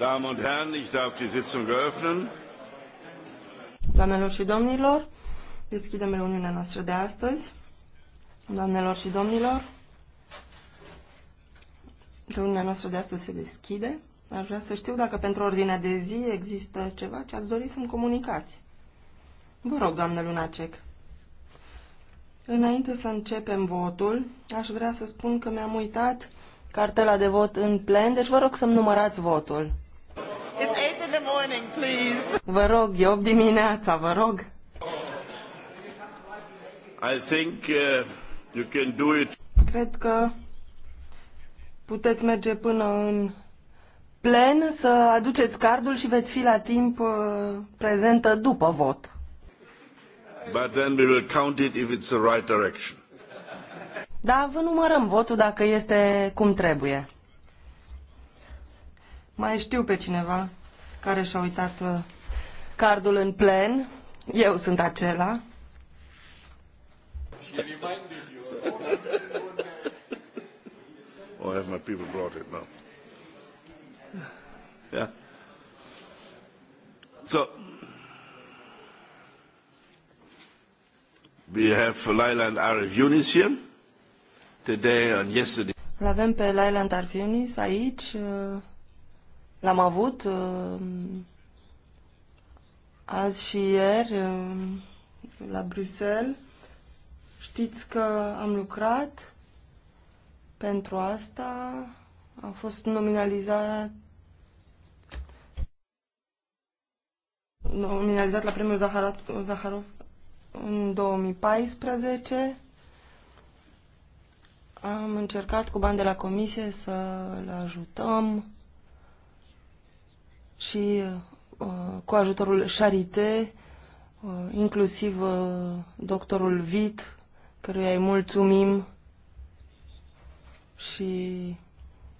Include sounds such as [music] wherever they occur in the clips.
Damen und Herren, ich darf die Sitzung eröffnen. Doamnelor și domnilor, deschidem reuniunea noastră de astăzi. Doamnelor și domnilor, reuniunea noastră de astăzi se deschide. Aș vrea să știu dacă pentru ordinea de zi există ceva ce ați dori să-mi comunicați. Vă rog, doamnă Lunacek. Înainte să începem votul, aș vrea să spun că mi-am uitat cartela de vot în plen, deci vă rog să-mi numărați votul please. Vă rog, e 8 dimineața, vă rog. I think uh, you can do it. Cred că puteți merge până în plen să aduceți cardul și veți fi la timp uh, prezentă după vot. But then we will count it if it's the right direction. Da, vă numărăm votul dacă este cum trebuie. Mai știu pe cineva care și-a uitat uh, cardul în plen. Eu sunt acela. oh, I have my people brought it now. Yeah. So, we have Laila and Arif Yunis here today and yesterday. L avem pe Laila Tarfiunis aici uh, L-am avut uh, azi și ieri uh, la Bruxelles. Știți că am lucrat pentru asta. Am fost nominalizat nominalizat la premiul Zaharov, Zaharov în 2014. Am încercat cu bani de la comisie să-l ajutăm și uh, cu ajutorul Charité, uh, inclusiv uh, doctorul Vit, căruia îi mulțumim și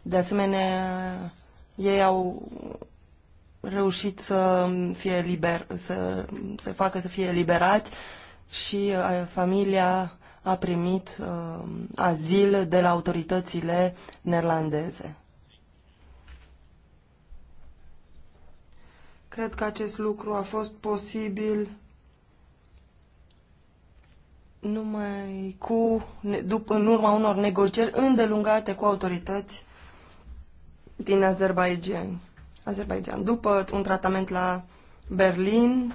de asemenea ei au reușit să fie liber, să se facă să fie eliberați și familia a primit uh, azil de la autoritățile neerlandeze. Cred că acest lucru a fost posibil numai cu, după, în urma unor negocieri îndelungate cu autorități din Azerbaijan. Azerbaijan. După un tratament la Berlin,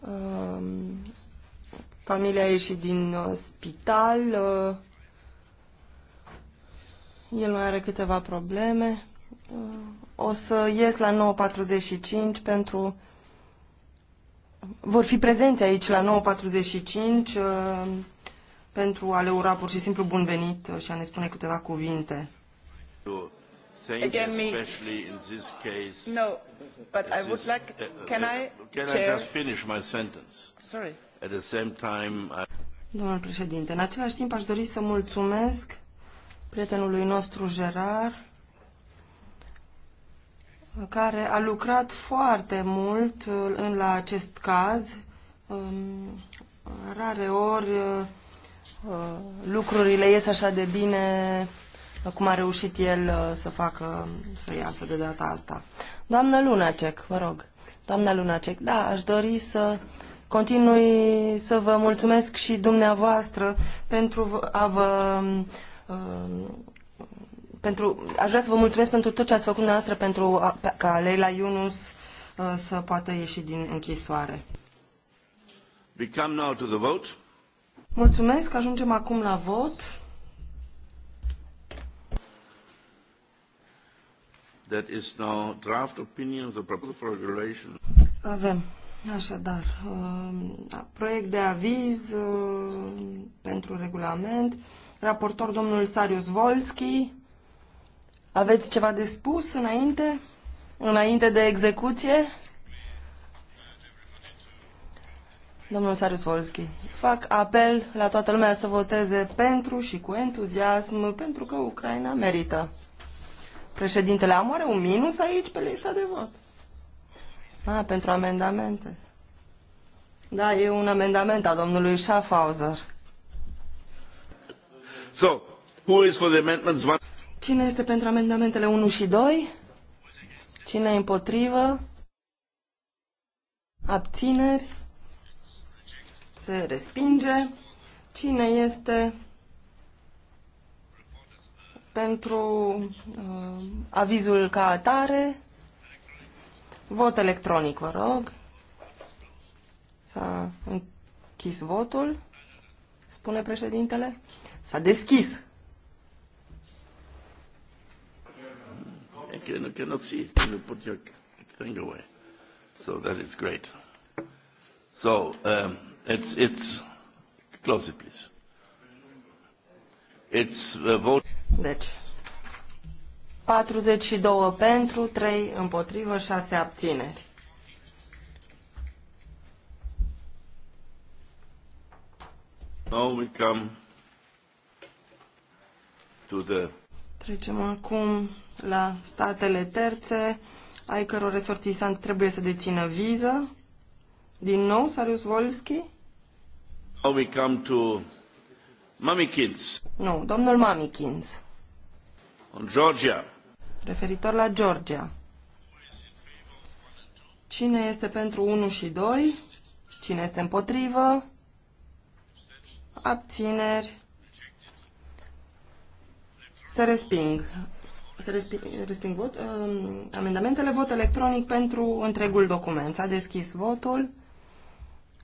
um, familia a ieșit din uh, spital, uh, el mai are câteva probleme. Uh, o să ies la 9.45 pentru... Vor fi prezenți aici la 9.45 uh, pentru a le ura pur și simplu bun venit uh, și a ne spune câteva cuvinte. Again, me. in this case. No, but I would like. Uh, can I? Can chair? I just finish my sentence? Sorry. At the same time. I... Domnul președinte, în același timp aș dori să mulțumesc prietenului nostru Gerard care a lucrat foarte mult uh, în la acest caz. Rare ori uh, uh, lucrurile ies așa de bine cum a reușit el să facă, să iasă de data asta. Doamna Lunacek, vă rog. Doamna Lunacek, da, aș dori să continui să vă mulțumesc și dumneavoastră pentru a vă pentru, aș vrea să vă mulțumesc pentru tot ce ați făcut noastră pentru a, ca Leila Yunus uh, să poată ieși din închisoare. We come now to the vote. Mulțumesc, ajungem acum la vot. That is now draft opinion of the proposal for regulation. Avem Așadar, uh, proiect de aviz uh, pentru regulament, raportor domnul Sarius Volski, aveți ceva de spus înainte? Înainte de execuție? Domnul Sarius fac apel la toată lumea să voteze pentru și cu entuziasm, pentru că Ucraina merită. Președintele, am oare un minus aici pe lista de vot? A, pentru amendamente. Da, e un amendament a domnului Schaffhauser. So, who is for the amendments one? Cine este pentru amendamentele 1 și 2? Cine e împotrivă? Abțineri? Se respinge. Cine este pentru uh, avizul ca atare? Vot electronic, vă rog. S-a închis votul, spune președintele. S-a deschis I can, cannot see Can you put your thing away? So that is great. So um, it's, it's, close it please. It's the uh, vote. Deci, 42 pentru, 3 împotrivă, 6 abțineri. Now we come to the Trecem acum la statele terțe, ai căror resortisant trebuie să dețină viză. Din nou, Sarius Volski. How we come to Mamikins. Nu, domnul Mamikins. On Georgia. Referitor la Georgia. Cine este pentru 1 și 2? Cine este împotrivă? Abțineri. Să resping. Să resping, resping vot. uh, amendamentele, vot electronic pentru întregul document. S-a deschis votul.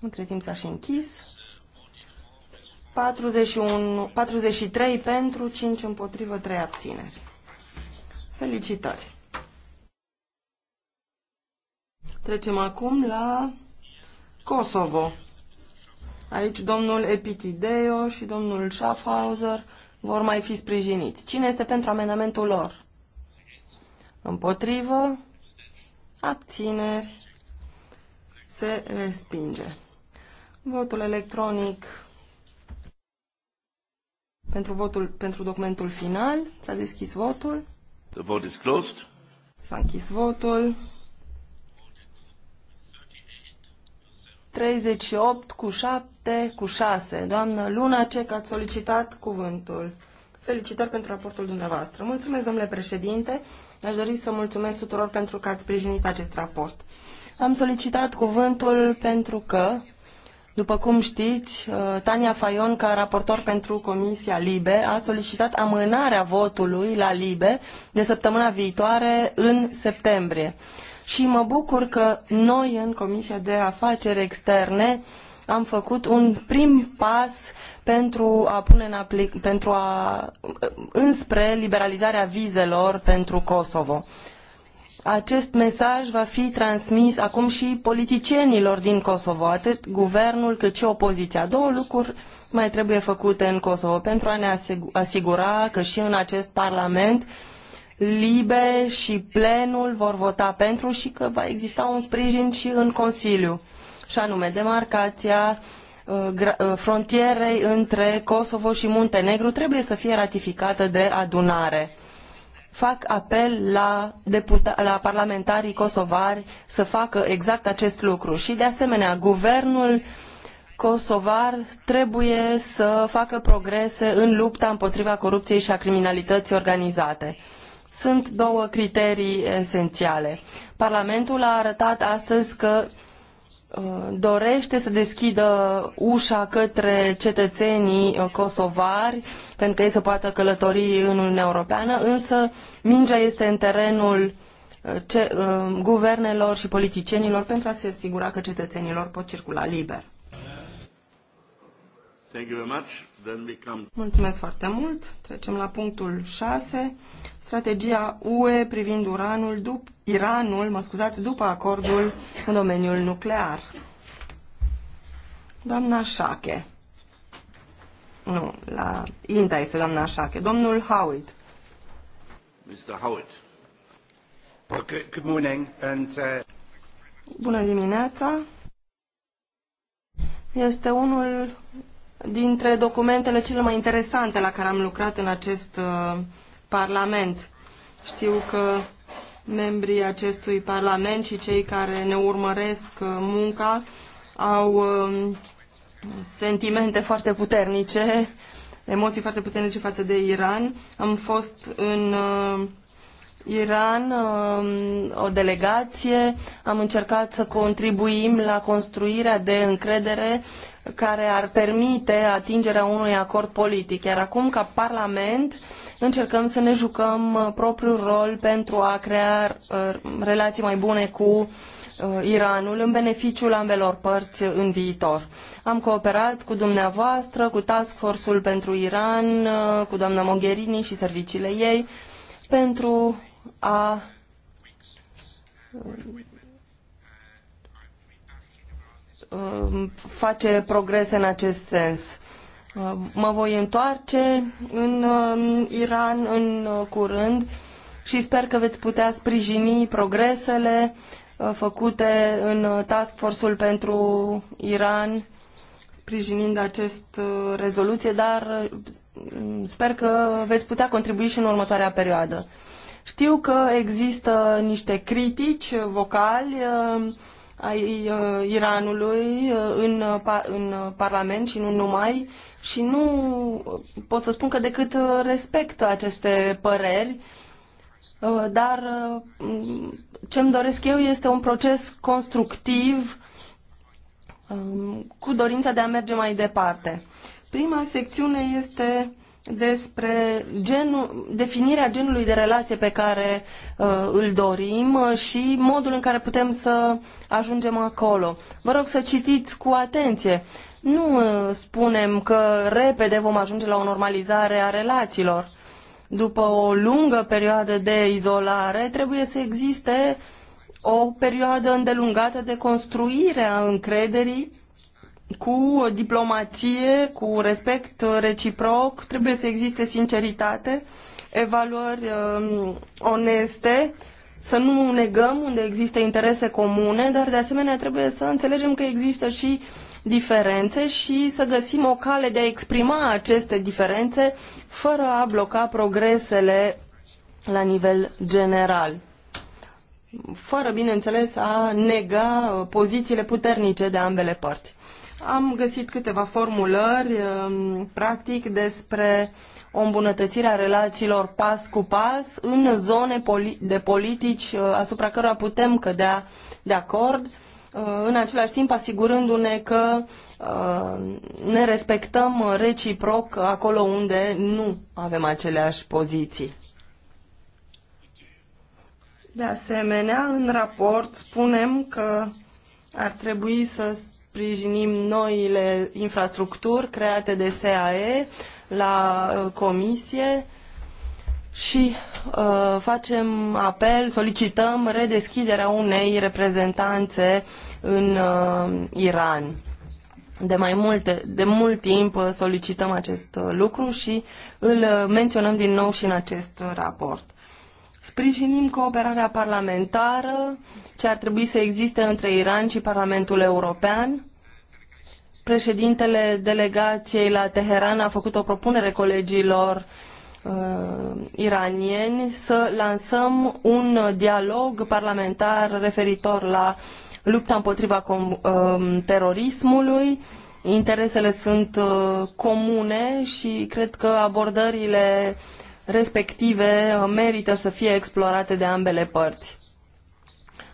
Între timp s-a și închis. 41, 43 pentru, 5 împotrivă, 3 abțineri. Felicitări! Trecem acum la Kosovo. Aici domnul Epitideo și domnul Schaffhauser vor mai fi sprijiniți. Cine este pentru amendamentul lor? Împotrivă? Abțineri? Se respinge. Votul electronic pentru, votul, pentru documentul final. S-a deschis votul. The vote is closed. S-a închis votul. 38 cu 7 cu 6. Doamnă Luna, ce că ați solicitat cuvântul. Felicitări pentru raportul dumneavoastră. Mulțumesc, domnule președinte. Aș dori să mulțumesc tuturor pentru că ați sprijinit acest raport. Am solicitat cuvântul pentru că, după cum știți, uh, Tania Fayon, ca raportor pentru Comisia Libe, a solicitat amânarea votului la Libe de săptămâna viitoare în septembrie și mă bucur că noi în Comisia de Afaceri Externe am făcut un prim pas pentru a pune în aplic- pentru a înspre liberalizarea vizelor pentru Kosovo. Acest mesaj va fi transmis acum și politicienilor din Kosovo, atât guvernul cât și opoziția. Două lucruri mai trebuie făcute în Kosovo pentru a ne asigura că și în acest parlament uh, Libe și plenul vor vota pentru și că va exista un sprijin și în Consiliu, și anume demarcația uh, uh, frontierei între Kosovo și Muntenegru trebuie să fie ratificată de adunare. Fac apel la, deputa- la parlamentarii kosovari să facă exact acest lucru și, de asemenea, guvernul kosovar trebuie să facă progrese în lupta împotriva corupției și a criminalității organizate. Sunt două criterii esențiale. Parlamentul a arătat astăzi că uh, dorește să deschidă ușa către cetățenii uh, kosovari pentru că ei să poată călători în Uniunea Europeană, însă mingea este în terenul uh, ce, guvernelor și politicienilor pentru a se asigura că cetățenilor pot circula liber. Thank you very much. Mulțumesc foarte mult. Trecem la punctul 6. Strategia UE privind uranul dup- Iranul, mă scuzați, după acordul în domeniul nuclear. Doamna Șache. Nu, la Inta este doamna Șache. Domnul Howitt. Mr. Howitt. good morning and, uh... Bună dimineața. Este unul dintre documentele cele mai interesante la care am lucrat în acest uh, Parlament. Știu că membrii acestui Parlament și cei care ne urmăresc uh, munca au uh, sentimente foarte puternice, emoții foarte puternice față de Iran. Am fost în uh, Iran, um, o delegație, am încercat să contribuim la construirea de încredere care ar permite atingerea unui acord politic. Iar acum, ca Parlament, încercăm să ne jucăm uh, propriul rol pentru a crea uh, relații mai bune cu uh, Iranul în beneficiul ambelor părți în viitor. Am cooperat cu dumneavoastră, cu Task Force-ul pentru Iran, cu doamna Mogherini și serviciile ei pentru a Um, face progrese în acest sens. Um, mă voi întoarce în um, Iran în uh, curând și sper că veți putea sprijini progresele uh, făcute în uh, Task Force-ul pentru Iran, sprijinind acest rezoluție, dar sper că veți putea contribui și în următoarea perioadă. Știu că există niște critici vocali ai uh, Iranului uh, în, uh, în uh, Parlament și nu numai și nu uh, pot să spun că decât respect aceste păreri, uh, dar uh, ce-mi doresc eu este un proces constructiv um, cu dorința de a merge mai departe. Prima secțiune este despre genul, definirea genului de relație pe care uh, îl dorim uh, și modul în care putem să ajungem acolo. Vă rog să citiți cu atenție. Nu uh, spunem că repede vom ajunge la o normalizare a relațiilor. După o lungă perioadă de izolare, trebuie să existe o perioadă îndelungată de construire a încrederii cu diplomație, cu respect reciproc, trebuie să existe sinceritate, evaluări um, oneste, să nu negăm unde există interese comune, dar de asemenea trebuie să înțelegem că există și diferențe și să găsim o cale de a exprima aceste diferențe fără a bloca progresele la nivel general. Fără, bineînțeles, a nega pozițiile puternice de ambele părți. Am găsit câteva formulări, um, practic, despre o îmbunătățire a relațiilor pas cu pas în zone de politici uh, asupra cărora putem cădea de acord, uh, în același timp asigurându-ne că uh, ne respectăm reciproc acolo unde nu avem aceleași poziții. De asemenea, în raport spunem că ar trebui să sprijinim noile infrastructuri create de SAE la uh, comisie și uh, facem apel, solicităm redeschiderea unei reprezentanțe în uh, Iran. De mai multe, de mult timp uh, solicităm acest uh, lucru și îl menționăm din nou și în acest raport. Sprijinim cooperarea parlamentară ce ar trebui să existe între Iran și Parlamentul European. Președintele delegației la Teheran a făcut o propunere colegilor uh, iranieni să lansăm un dialog parlamentar referitor la lupta împotriva com, uh, terorismului. Interesele sunt uh, comune și cred că abordările uh, respective uh, merită să fie explorate de ambele părți.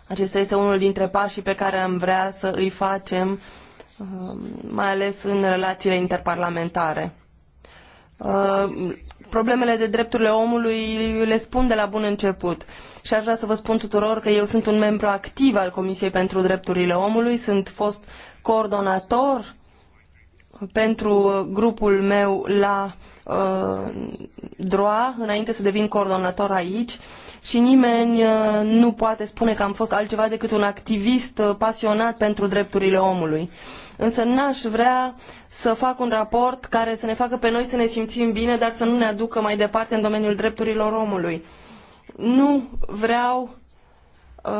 Acesta este unul dintre pașii pe care am vrea să îi facem, uh, mai ales în relațiile interparlamentare. Uh, problemele de drepturile omului le spun de la bun început și aș vrea să vă spun tuturor că eu sunt un membru activ al Comisiei pentru Drepturile Omului, sunt fost coordonator pentru grupul meu la uh, DROA, înainte să devin coordonator aici și nimeni uh, nu poate spune că am fost altceva decât un activist uh, pasionat pentru drepturile omului. Însă n-aș vrea să fac un raport care să ne facă pe noi să ne simțim bine, dar să nu ne aducă mai departe în domeniul drepturilor omului. Nu vreau uh,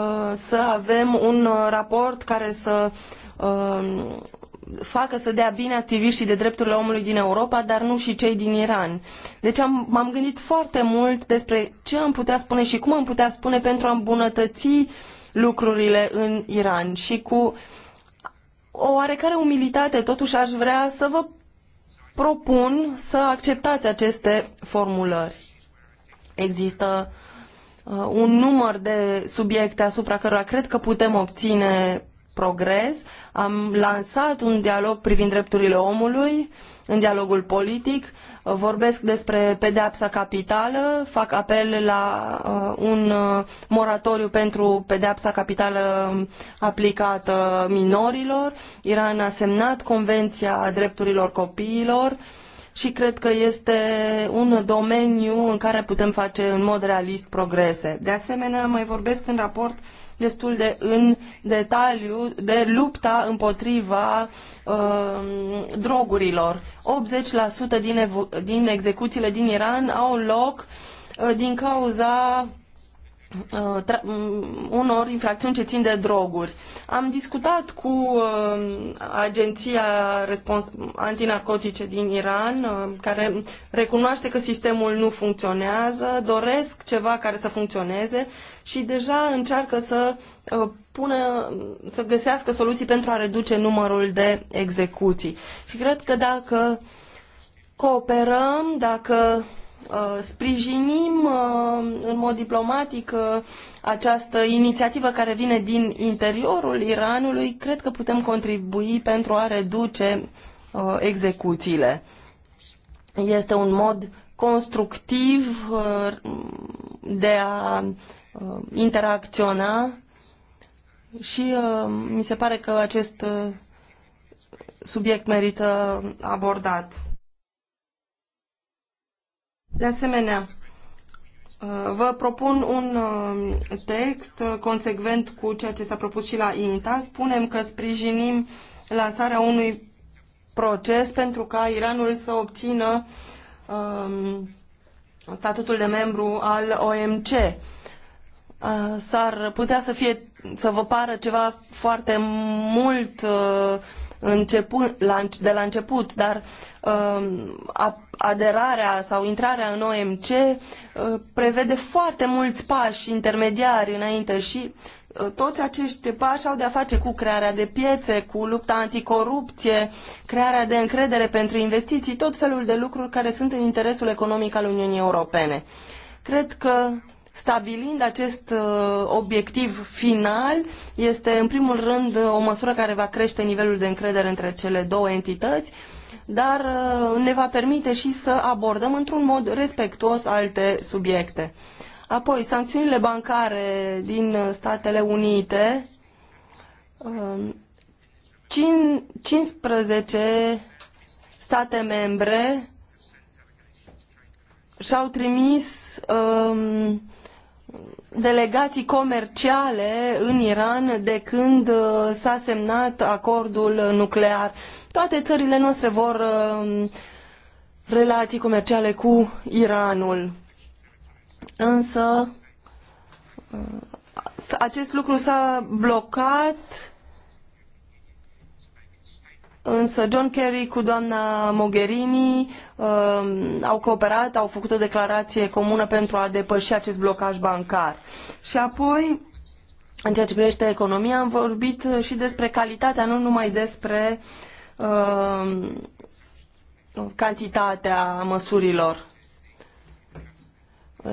să avem un uh, raport care să uh, facă să dea bine activiștii de drepturile omului din Europa, dar nu și cei din Iran. Deci am, m-am gândit foarte mult despre ce am putea spune și cum am putea spune pentru a îmbunătăți lucrurile în Iran și cu o oarecare umilitate totuși aș vrea să vă propun să acceptați aceste formulări. Există uh, un număr de subiecte asupra cărora cred că putem obține progres. Am lansat un dialog privind drepturile omului în dialogul politic. Vorbesc despre pedeapsa capitală, fac apel la uh, un uh, moratoriu pentru pedeapsa capitală aplicată minorilor. Iran a semnat Convenția Drepturilor Copiilor. Uh, și cred că este un domeniu în care putem face în mod realist progrese. De asemenea, mai vorbesc în raport destul de în detaliu de lupta împotriva uh, drogurilor. 80% din, din execuțiile din Iran au loc uh, din cauza Uh, mm, unor infracțiuni ce țin de droguri. Am discutat cu uh, agenția respons- antinarcotice din Iran, uh, care recunoaște că sistemul nu funcționează, doresc ceva care să funcționeze și deja încearcă să uh, pună, să găsească soluții pentru a reduce numărul de execuții. Și cred că dacă cooperăm, dacă Uh, sprijinim uh, în mod diplomatic uh, această inițiativă care vine din interiorul Iranului, cred că putem contribui pentru a reduce execuțiile. Este un mod constructiv de a interacționa și mi se pare că acest subiect merită abordat. De asemenea, uh, vă propun un uh, text uh, consecvent cu ceea ce s-a propus și la INTA. Spunem că sprijinim lansarea unui proces pentru ca Iranul să obțină um, statutul de membru al OMC. S-ar putea să, fie, să vă pară ceva foarte mult uh, la, de la început, dar um, aderarea sau intrarea în OMC uh, prevede foarte mulți pași intermediari înainte și uh, toți acești pași au de-a face cu crearea de piețe, cu lupta anticorupție, crearea de încredere pentru investiții, tot felul de lucruri care sunt în interesul economic al Uniunii Europene. Cred că stabilind acest uh, obiectiv final, este în primul rând o măsură care va crește nivelul de încredere între cele două entități, dar uh, ne va permite și să abordăm într-un mod respectuos alte subiecte. Apoi, sancțiunile bancare din Statele Unite, 15 um, state membre și-au trimis um, delegații comerciale în Iran de când uh, s-a semnat acordul nuclear. Toate țările noastre vor um, relații comerciale cu Iranul. Însă uh, acest lucru s-a blocat Însă John Kerry cu doamna Mogherini um, au cooperat, au făcut o declarație comună pentru a depăși acest blocaj bancar. Și apoi, în ceea ce privește economia, am vorbit și despre calitatea, nu numai despre um, cantitatea măsurilor.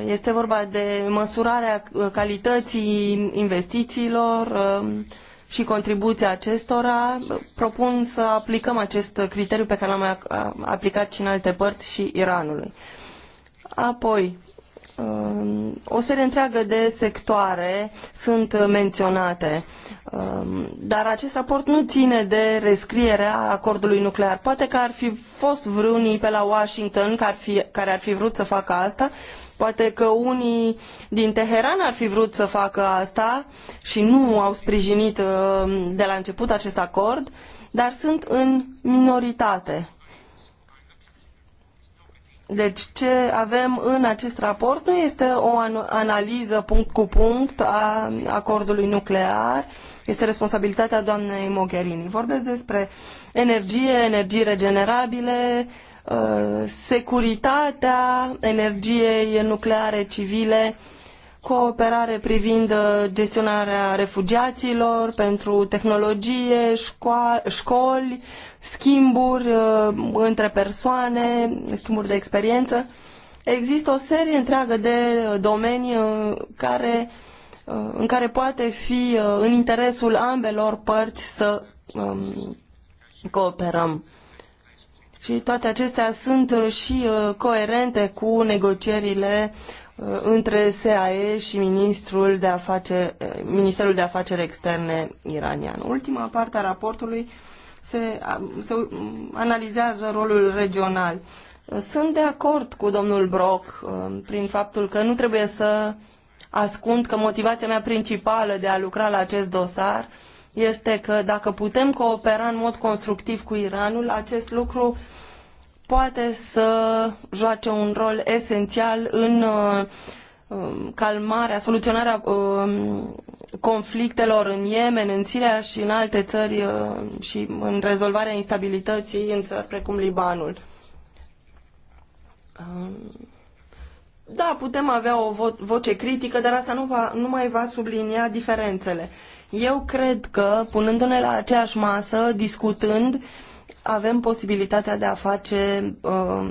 Este vorba de măsurarea calității investițiilor, um, și contribuția acestora, propun să aplicăm acest criteriu pe care l-am aplicat și în alte părți și Iranului. Apoi, uh, Um, o serie întreagă de sectoare sunt menționate, um, dar acest raport nu ține de rescrierea acordului nuclear. Poate că ar fi fost vreunii pe la Washington care ar fi, care ar fi vrut să facă asta, poate că unii din Teheran ar fi vrut să facă asta și nu au sprijinit um, de la început acest acord, dar sunt în minoritate. Deci ce avem în acest raport nu este o analiză punct cu punct a acordului nuclear, este responsabilitatea doamnei Mogherini. Vorbesc despre energie, energii regenerabile, uh, securitatea energiei nucleare civile, cooperare privind uh, gestionarea refugiaților, pentru tehnologie, șco- școli, schimburi uh, între persoane, schimburi de experiență. Există o serie întreagă de uh, domenii care, în care poate fi în interesul ambelor părți să um, cooperăm. Și toate acestea sunt și coerente cu negocierile Uh, între SAE și ministrul de afaceri, uh, Ministerul de Afaceri Externe iranian. Ultima parte a raportului se, uh, se analizează rolul regional. Sunt de acord cu domnul Brock prin faptul că nu trebuie să ascund că motivația mea principală de a lucra la acest dosar este că dacă putem coopera în mod constructiv cu Iranul, acest lucru uh, poate să joace un rol esențial în uh, um, calmarea, soluționarea uh, conflictelor în Yemen, în Siria și în alte țări uh, și în rezolvarea instabilității în țări precum Libanul. Um, da, putem avea o vo voce critică, dar asta nu, va, nu mai va sublinia diferențele. Eu cred că, punându-ne la aceeași masă, discutând, uh, avem posibilitatea de a face uh,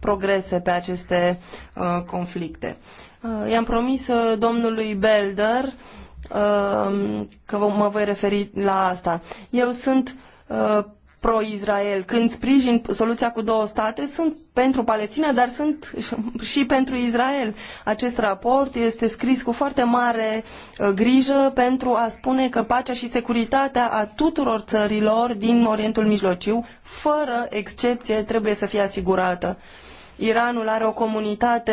progrese pe aceste uh, conflicte. Uh, i-am promis uh, domnului Belder uh, că mă voi referi la asta. Eu sunt uh, pro-Israel, când sprijin soluția cu două state, sunt pentru Palestina, dar sunt și pentru Israel. Acest raport este scris cu foarte mare uh, grijă pentru a spune că pacea și securitatea a tuturor țărilor din Orientul Mijlociu, fără excepție, trebuie să fie asigurată. Iranul are o comunitate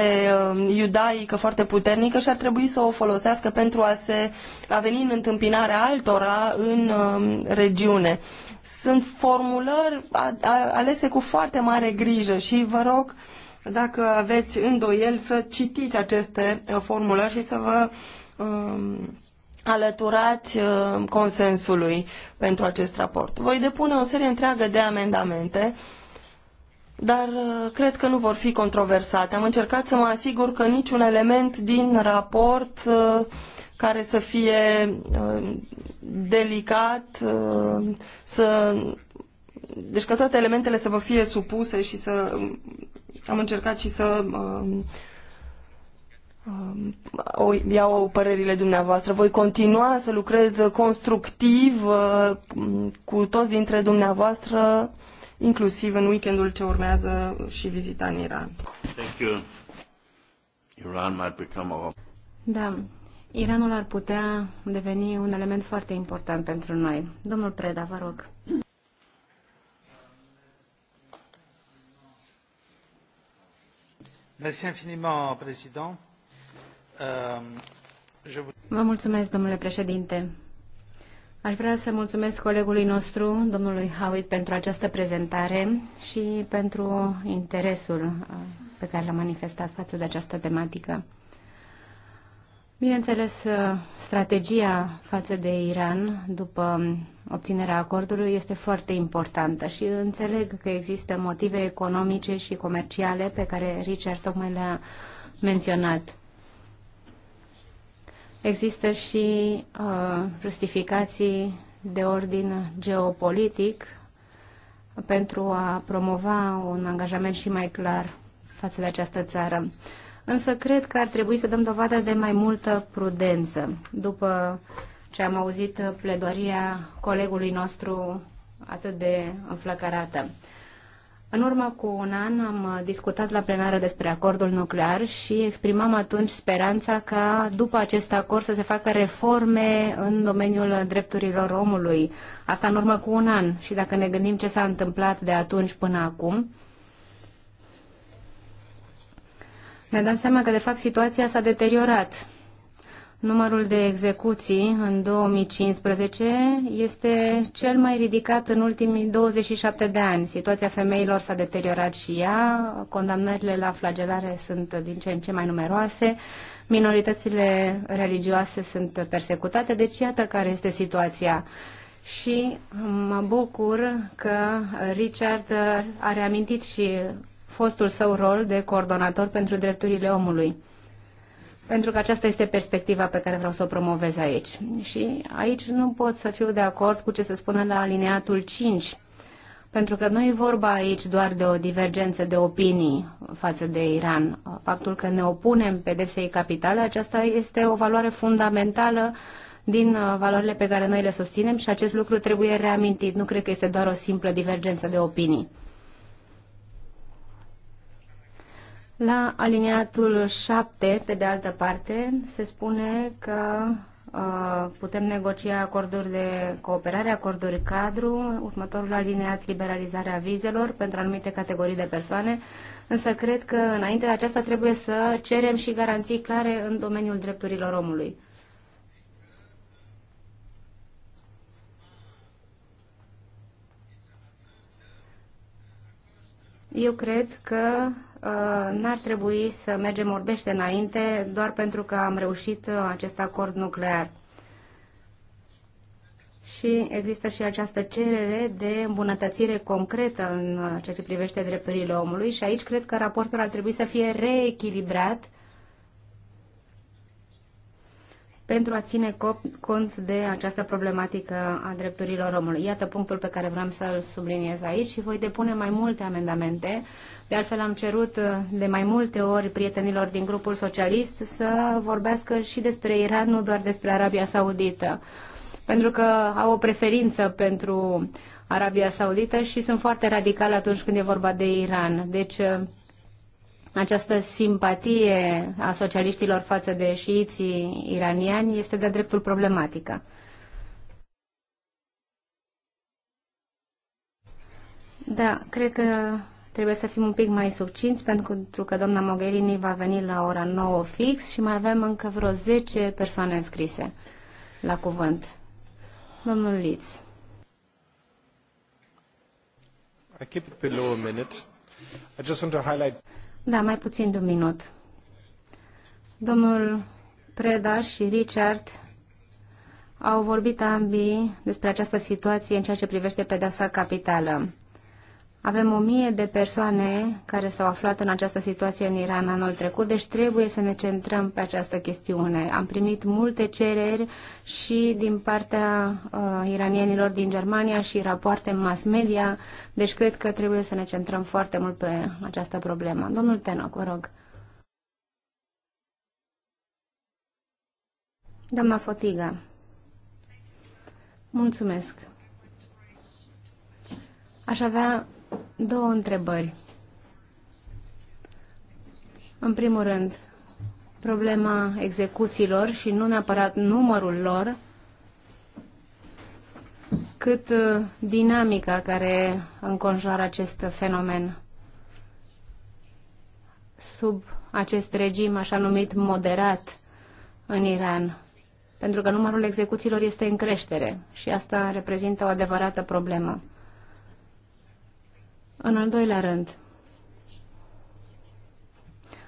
uh, iudaică foarte puternică și ar trebui să o folosească pentru a, se, a veni în întâmpinarea altora în uh, regiune sunt formulări alese cu foarte mare grijă și vă rog dacă aveți îndoiel să citiți aceste uh, formulări și să vă um, alăturați uh, consensului pentru acest raport. Voi depune o serie întreagă de amendamente, dar uh, cred că nu vor fi controversate. Am încercat să mă asigur că niciun element din raport uh, care să fie uh, delicat, uh, să... Deci că toate elementele să vă fie supuse și să... Am încercat și să uh, o, iau părerile dumneavoastră. Voi continua să lucrez constructiv cu toți dintre dumneavoastră, inclusiv în weekendul ce urmează și vizita în Iran. Thank you. Iran might become our... Da, Iranul ar putea deveni un element foarte important pentru noi. Domnul Preda, vă rog. Euh, vă mulțumesc, domnule președinte. Aș vrea să mulțumesc colegului nostru, domnului Howitt, pentru această prezentare și pentru interesul uh, pe care l-a manifestat față de această tematică. Bineînțeles, uh, strategia față de Iran după obținerea acordului este foarte importantă și înțeleg că există motive economice și comerciale pe care Richard tocmai le-a menționat. Există și uh, justificații de ordin geopolitic pentru a promova un angajament și mai clar față de această țară. Uh, însă cred că ar trebui să dăm dovadă de mai multă prudență. După ce am auzit pledoaria colegului nostru atât de înflăcărată. În urmă cu un an am discutat la plenară despre acordul nuclear și exprimam atunci speranța ca după acest acord să se facă reforme în domeniul drepturilor omului. Asta în urmă cu un an și dacă ne gândim ce s-a întâmplat de atunci până acum, ne dăm seama că, de fapt, situația s-a deteriorat. Numărul de execuții în 2015 este cel mai ridicat în ultimii 27 de ani. Situația femeilor s-a deteriorat și ea, condamnările la flagelare sunt din ce în ce mai numeroase, minoritățile religioase sunt persecutate, deci iată care este situația. Și mă bucur că Richard a reamintit și fostul său rol de coordonator pentru drepturile omului. Pentru că aceasta este perspectiva pe care vreau să o promovez aici. Și aici nu pot să fiu de acord cu ce se spune la alineatul 5, pentru că nu e vorba aici doar de o divergență de opinii față de Iran. Faptul că ne opunem pedepsei capitale, aceasta este o valoare fundamentală din uh, valorile pe care noi le susținem și acest lucru trebuie reamintit. Nu cred că este doar o simplă divergență de opinii. La aliniatul 7, pe de altă parte, se spune că uh, putem negocia acorduri de cooperare, acorduri cadru, următorul alineat liberalizarea vizelor pentru anumite categorii de persoane, însă cred că înainte de aceasta trebuie să cerem și garanții clare în domeniul drepturilor omului. Eu cred că Uh, n-ar trebui să mergem orbește înainte doar pentru că am reușit uh, acest acord nuclear. Și există și această cerere de îmbunătățire concretă în uh, ceea ce privește drepturile omului și aici cred că raportul ar trebui să fie reechilibrat pentru a ține cont de această problematică a drepturilor omului. Iată punctul pe care vreau să-l subliniez aici și voi depune mai multe amendamente de altfel am cerut uh, de mai multe ori prietenilor din grupul socialist să vorbească și despre Iran, nu doar despre Arabia Saudită, pentru că au o preferință pentru Arabia Saudită și sunt foarte radicali atunci când e vorba de Iran. Deci uh, această simpatie a socialiștilor față de șiiții iraniani este de dreptul problematică. Da, cred că Trebuie să fim un pic mai succinți pentru că doamna Mogherini va veni la ora 9 fix și mai avem încă vreo 10 persoane înscrise la cuvânt. Domnul Liț. I keep it below a minute. I just want to highlight... Da, mai puțin de un minut. Domnul Preda și Richard au vorbit ambii despre această situație în ceea ce privește pedeapsa capitală. Avem o mie de persoane care s-au aflat în această situație în Iran anul trecut, deci trebuie să ne centrăm pe această chestiune. Am primit multe cereri și din partea uh, iranienilor din Germania și rapoarte mass media, deci cred că trebuie să ne centrăm foarte mult pe această problemă. Domnul Tenoc, vă rog. Doamna Fotiga, mulțumesc. Aș avea două întrebări. În primul rând, problema execuțiilor și nu neapărat numărul lor, cât uh, dinamica care înconjoară acest fenomen sub acest regim așa numit moderat în Iran. Pentru că numărul execuțiilor este în creștere și asta reprezintă o adevărată problemă. În al doilea rând,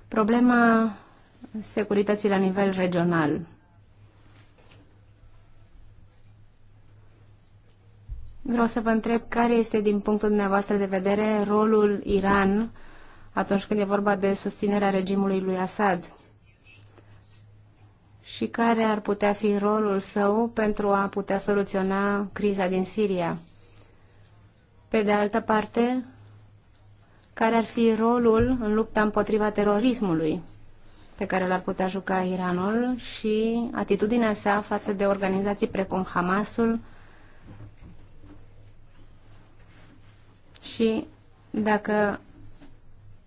problema securității la nivel regional. Vreau să vă întreb care este, din punctul dumneavoastră de vedere, rolul Iran atunci când e vorba de susținerea regimului lui Assad și care ar putea fi rolul său pentru a putea soluționa criza din Siria. Pe de altă parte, care ar fi rolul în lupta împotriva terorismului pe care l-ar putea juca Iranul și atitudinea sa față de organizații precum Hamasul și dacă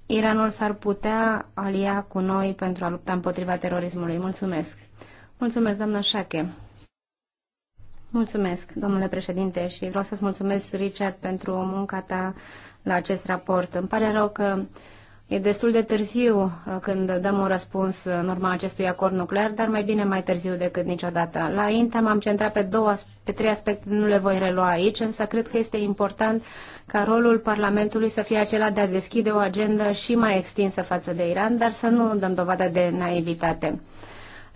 Iranul s-ar putea alia cu noi pentru a lupta împotriva terorismului. Mulțumesc. Mulțumesc, doamna Șache. Mulțumesc, domnule președinte, și vreau să-ți mulțumesc, Richard, pentru munca ta la acest raport. Îmi pare rău că e destul de târziu uh, când dăm un răspuns în uh, urma acestui acord nuclear, dar mai bine mai târziu decât niciodată. La INTA m-am centrat pe, două, pe trei aspecte, nu le voi relua aici, însă cred că este important ca rolul Parlamentului să fie acela de a deschide o agendă și mai extinsă față de Iran, dar să nu dăm dovadă de naivitate.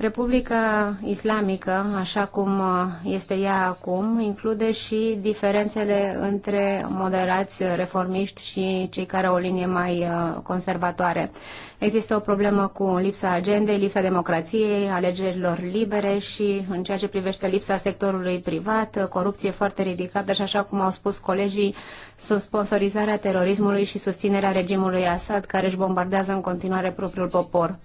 Republica Islamică, așa cum uh, este ea acum, include și diferențele între moderați reformiști și cei care au o linie mai uh, conservatoare. Există o problemă cu lipsa agendei, lipsa democrației, alegerilor libere și în ceea ce privește lipsa sectorului privat, uh, corupție foarte ridicată și așa cum au spus colegii, sunt sponsorizarea terorismului și susținerea regimului Assad care își bombardează în continuare propriul popor.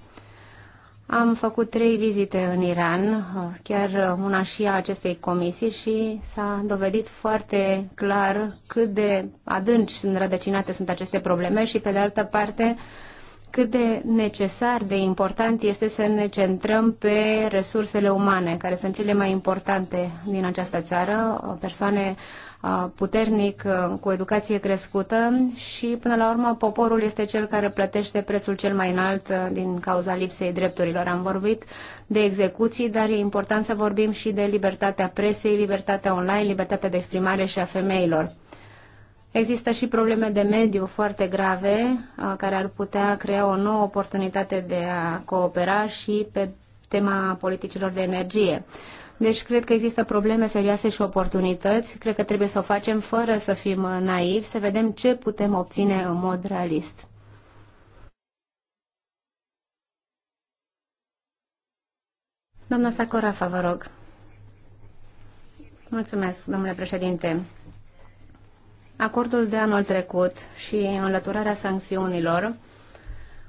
Am făcut trei vizite în Iran, chiar una și a acestei comisii și s-a dovedit foarte clar cât de adânci rădăcinate sunt aceste probleme și, pe de altă parte, cât de necesar, de important este să ne centrăm pe resursele umane, care sunt cele mai importante din această țară, persoane uh, puternic, cu educație crescută și, până la urmă, poporul este cel care plătește prețul cel mai înalt din cauza lipsei drepturilor. Am vorbit de execuții, dar e important să vorbim și de libertatea presei, libertatea online, libertatea de exprimare și a femeilor. Există și probleme de mediu foarte grave care ar putea crea o nouă oportunitate de a coopera și pe tema politicilor de energie. Deci cred că există probleme serioase și oportunități. Cred că trebuie să o facem fără să fim naivi, să vedem ce putem obține în mod realist. Doamna Sacorafa, vă rog. Mulțumesc, domnule președinte. Acordul de anul trecut și înlăturarea sancțiunilor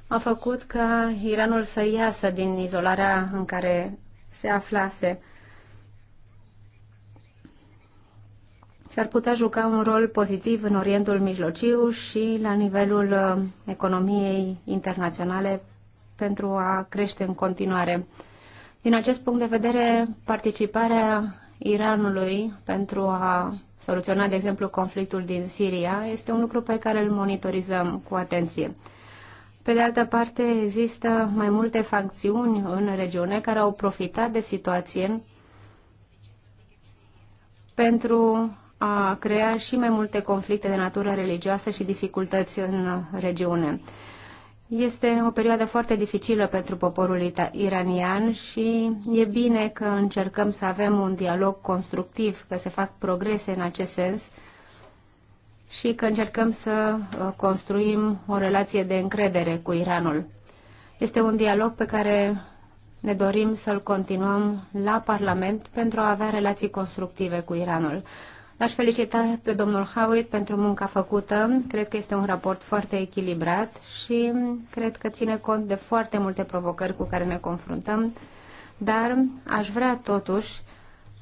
a făcut ca Iranul să iasă din izolarea în care se aflase. și ar putea juca un rol pozitiv în Orientul Mijlociu și la nivelul uh, economiei internaționale pentru a crește în continuare. Din acest punct de vedere, participarea Iranului pentru a soluționa, de exemplu, conflictul din Siria este un lucru pe care îl monitorizăm cu atenție. Pe de altă parte, există mai multe facțiuni în regiune care au profitat de situație pentru a crea și mai multe conflicte de natură religioasă și dificultăți în regiune. Este o perioadă foarte dificilă pentru poporul iranian și e bine că încercăm să avem un dialog constructiv, că se fac progrese în acest sens și că încercăm să uh, construim o relație de încredere cu Iranul. Este un dialog pe care ne dorim să-l continuăm la Parlament pentru a avea relații constructive cu Iranul. L-aș felicita pe domnul Howitt pentru munca făcută. Cred că este un raport foarte echilibrat și cred că ține cont de foarte multe provocări cu care ne confruntăm, dar aș vrea totuși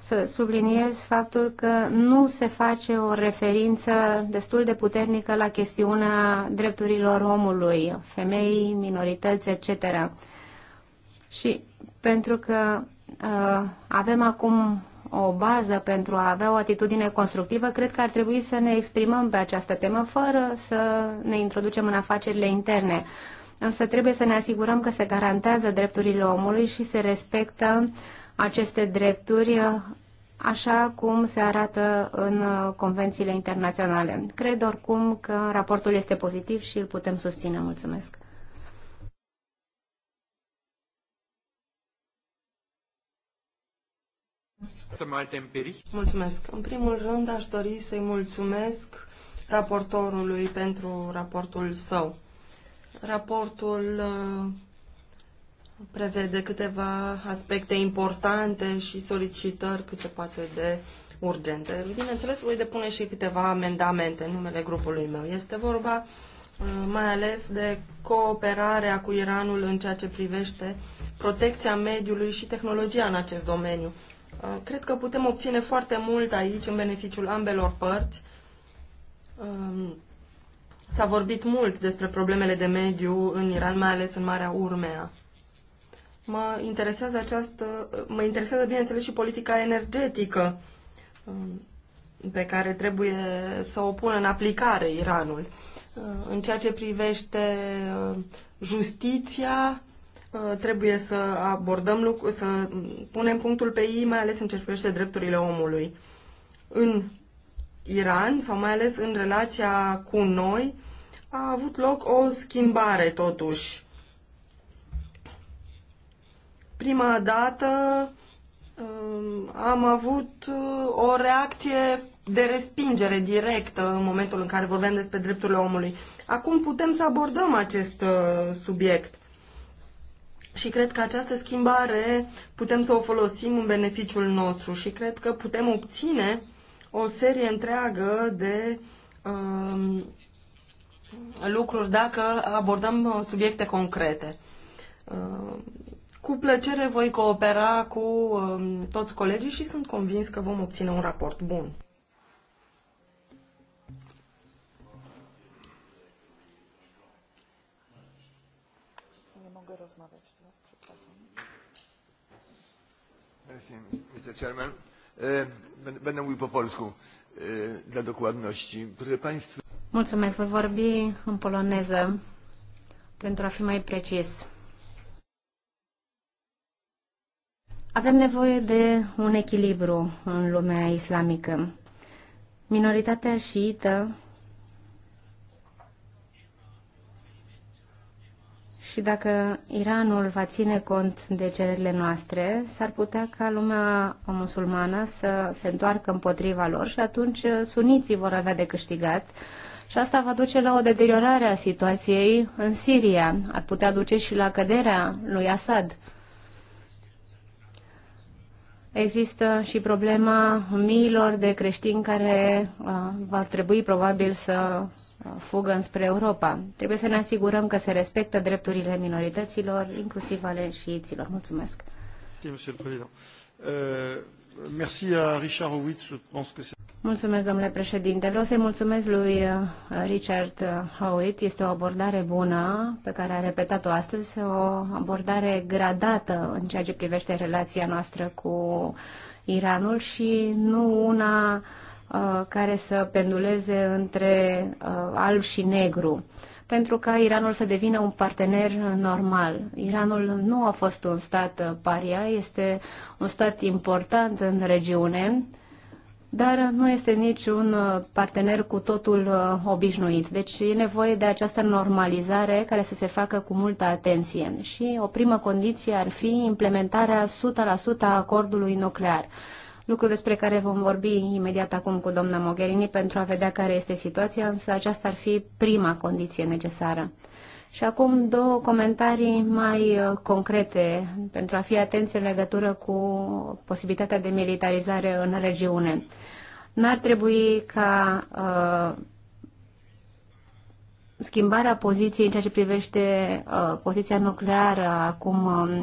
să subliniez faptul că nu se face o referință destul de puternică la chestiunea drepturilor omului, femei, minorități, etc. Și pentru că uh, avem acum o bază pentru a avea o atitudine constructivă, cred că ar trebui să ne exprimăm pe această temă fără să ne introducem în afacerile interne. Însă trebuie să ne asigurăm că se garantează drepturile omului și se respectă aceste drepturi așa cum se arată în convențiile internaționale. Cred oricum că raportul este pozitiv și îl putem susține. Mulțumesc! Mulțumesc. În primul rând aș dori să-i mulțumesc raportorului pentru raportul său. Raportul uh, prevede câteva aspecte importante și solicitări cât se poate de urgente. Bineînțeles, voi depune și câteva amendamente în numele grupului meu. Este vorba uh, mai ales de cooperarea cu Iranul în ceea ce privește protecția mediului și tehnologia în acest domeniu. Uh, cred că putem obține foarte mult aici în beneficiul ambelor părți. Um, s-a vorbit mult despre problemele de mediu în Iran, mai ales în Marea Urmea. Mă interesează această, mă interesează bineînțeles și politica energetică um, pe care trebuie să o pună în aplicare Iranul. Uh, în ceea ce privește uh, justiția, Uh, trebuie să abordăm, să punem punctul pe ei, mai ales în ce privește drepturile omului. În Iran, sau mai ales în relația cu noi, a avut loc o schimbare, totuși. Prima dată uh, am avut uh, o reacție de respingere directă în momentul în care vorbeam despre drepturile omului. Acum putem să abordăm acest subiect și cred că această schimbare putem să o folosim în beneficiul nostru și cred că putem obține o serie întreagă de um, lucruri dacă abordăm uh, subiecte concrete. Um, cu plăcere voi coopera cu um, toți colegii și sunt convins că vom obține un raport bun. Chairman. Będę mówił po polsku dla dokładności. Proszę Państwa... Mulțumesc, voi vorbi în poloneză pentru a fi mai precis. Avem nevoie de un echilibru în lumea islamică. Minoritatea șiită Și dacă Iranul va ține cont de cererile noastre, s-ar putea ca lumea musulmană să se întoarcă împotriva lor și atunci uh, suniții vor avea de câștigat. Și asta va duce la o deteriorare a situației în Siria. Ar putea duce și la căderea lui Assad. Există și problema miilor de creștini care uh, vor trebui probabil să fugă înspre Europa. Trebuie să ne asigurăm că se respectă drepturile minorităților, inclusiv ale șiiților. Mulțumesc. Euh, mulțumesc, domnule președinte. Vreau să-i mulțumesc lui uh, Richard uh, Howitt. Este o abordare bună pe care a repetat-o astăzi, o abordare gradată în ceea ce privește relația noastră cu Iranul și nu una uh, Uh, care să penduleze între uh, alb și negru pentru ca Iranul să devină un partener normal. Iranul nu a fost un stat uh, paria, este un stat important în regiune, dar nu este niciun partener cu totul obișnuit. Deci e nevoie de această normalizare care să se facă cu multă atenție. Și o primă condiție ar fi implementarea 100% a acordului nuclear lucru despre care vom vorbi imediat acum cu doamna Mogherini pentru a vedea care este situația, însă aceasta ar fi prima condiție necesară. Și acum două comentarii mai uh, concrete pentru a fi atenți în legătură cu posibilitatea de militarizare în regiune. N-ar trebui ca uh, schimbarea poziției în ceea ce privește uh, poziția nucleară acum uh,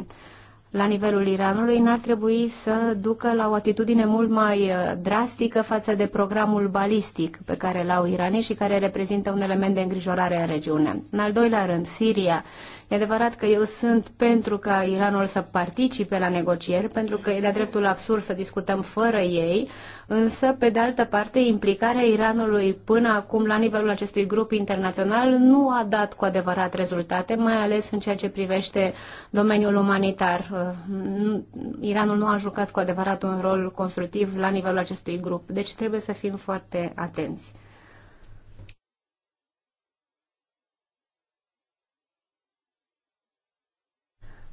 la nivelul Iranului n-ar trebui să ducă la o atitudine mult mai uh, drastică față de programul balistic pe care l-au iranii și care reprezintă un element de îngrijorare în regiune. În al doilea rând, Siria E adevărat că eu sunt pentru ca Iranul să participe la negocieri, pentru că e de-a dreptul absurd să discutăm fără ei, însă, pe de altă parte, implicarea Iranului până acum la nivelul acestui grup internațional nu a dat cu adevărat rezultate, mai ales în ceea ce privește domeniul umanitar. Uh, Iranul nu a jucat cu adevărat un rol constructiv la nivelul acestui grup, deci trebuie să fim foarte atenți.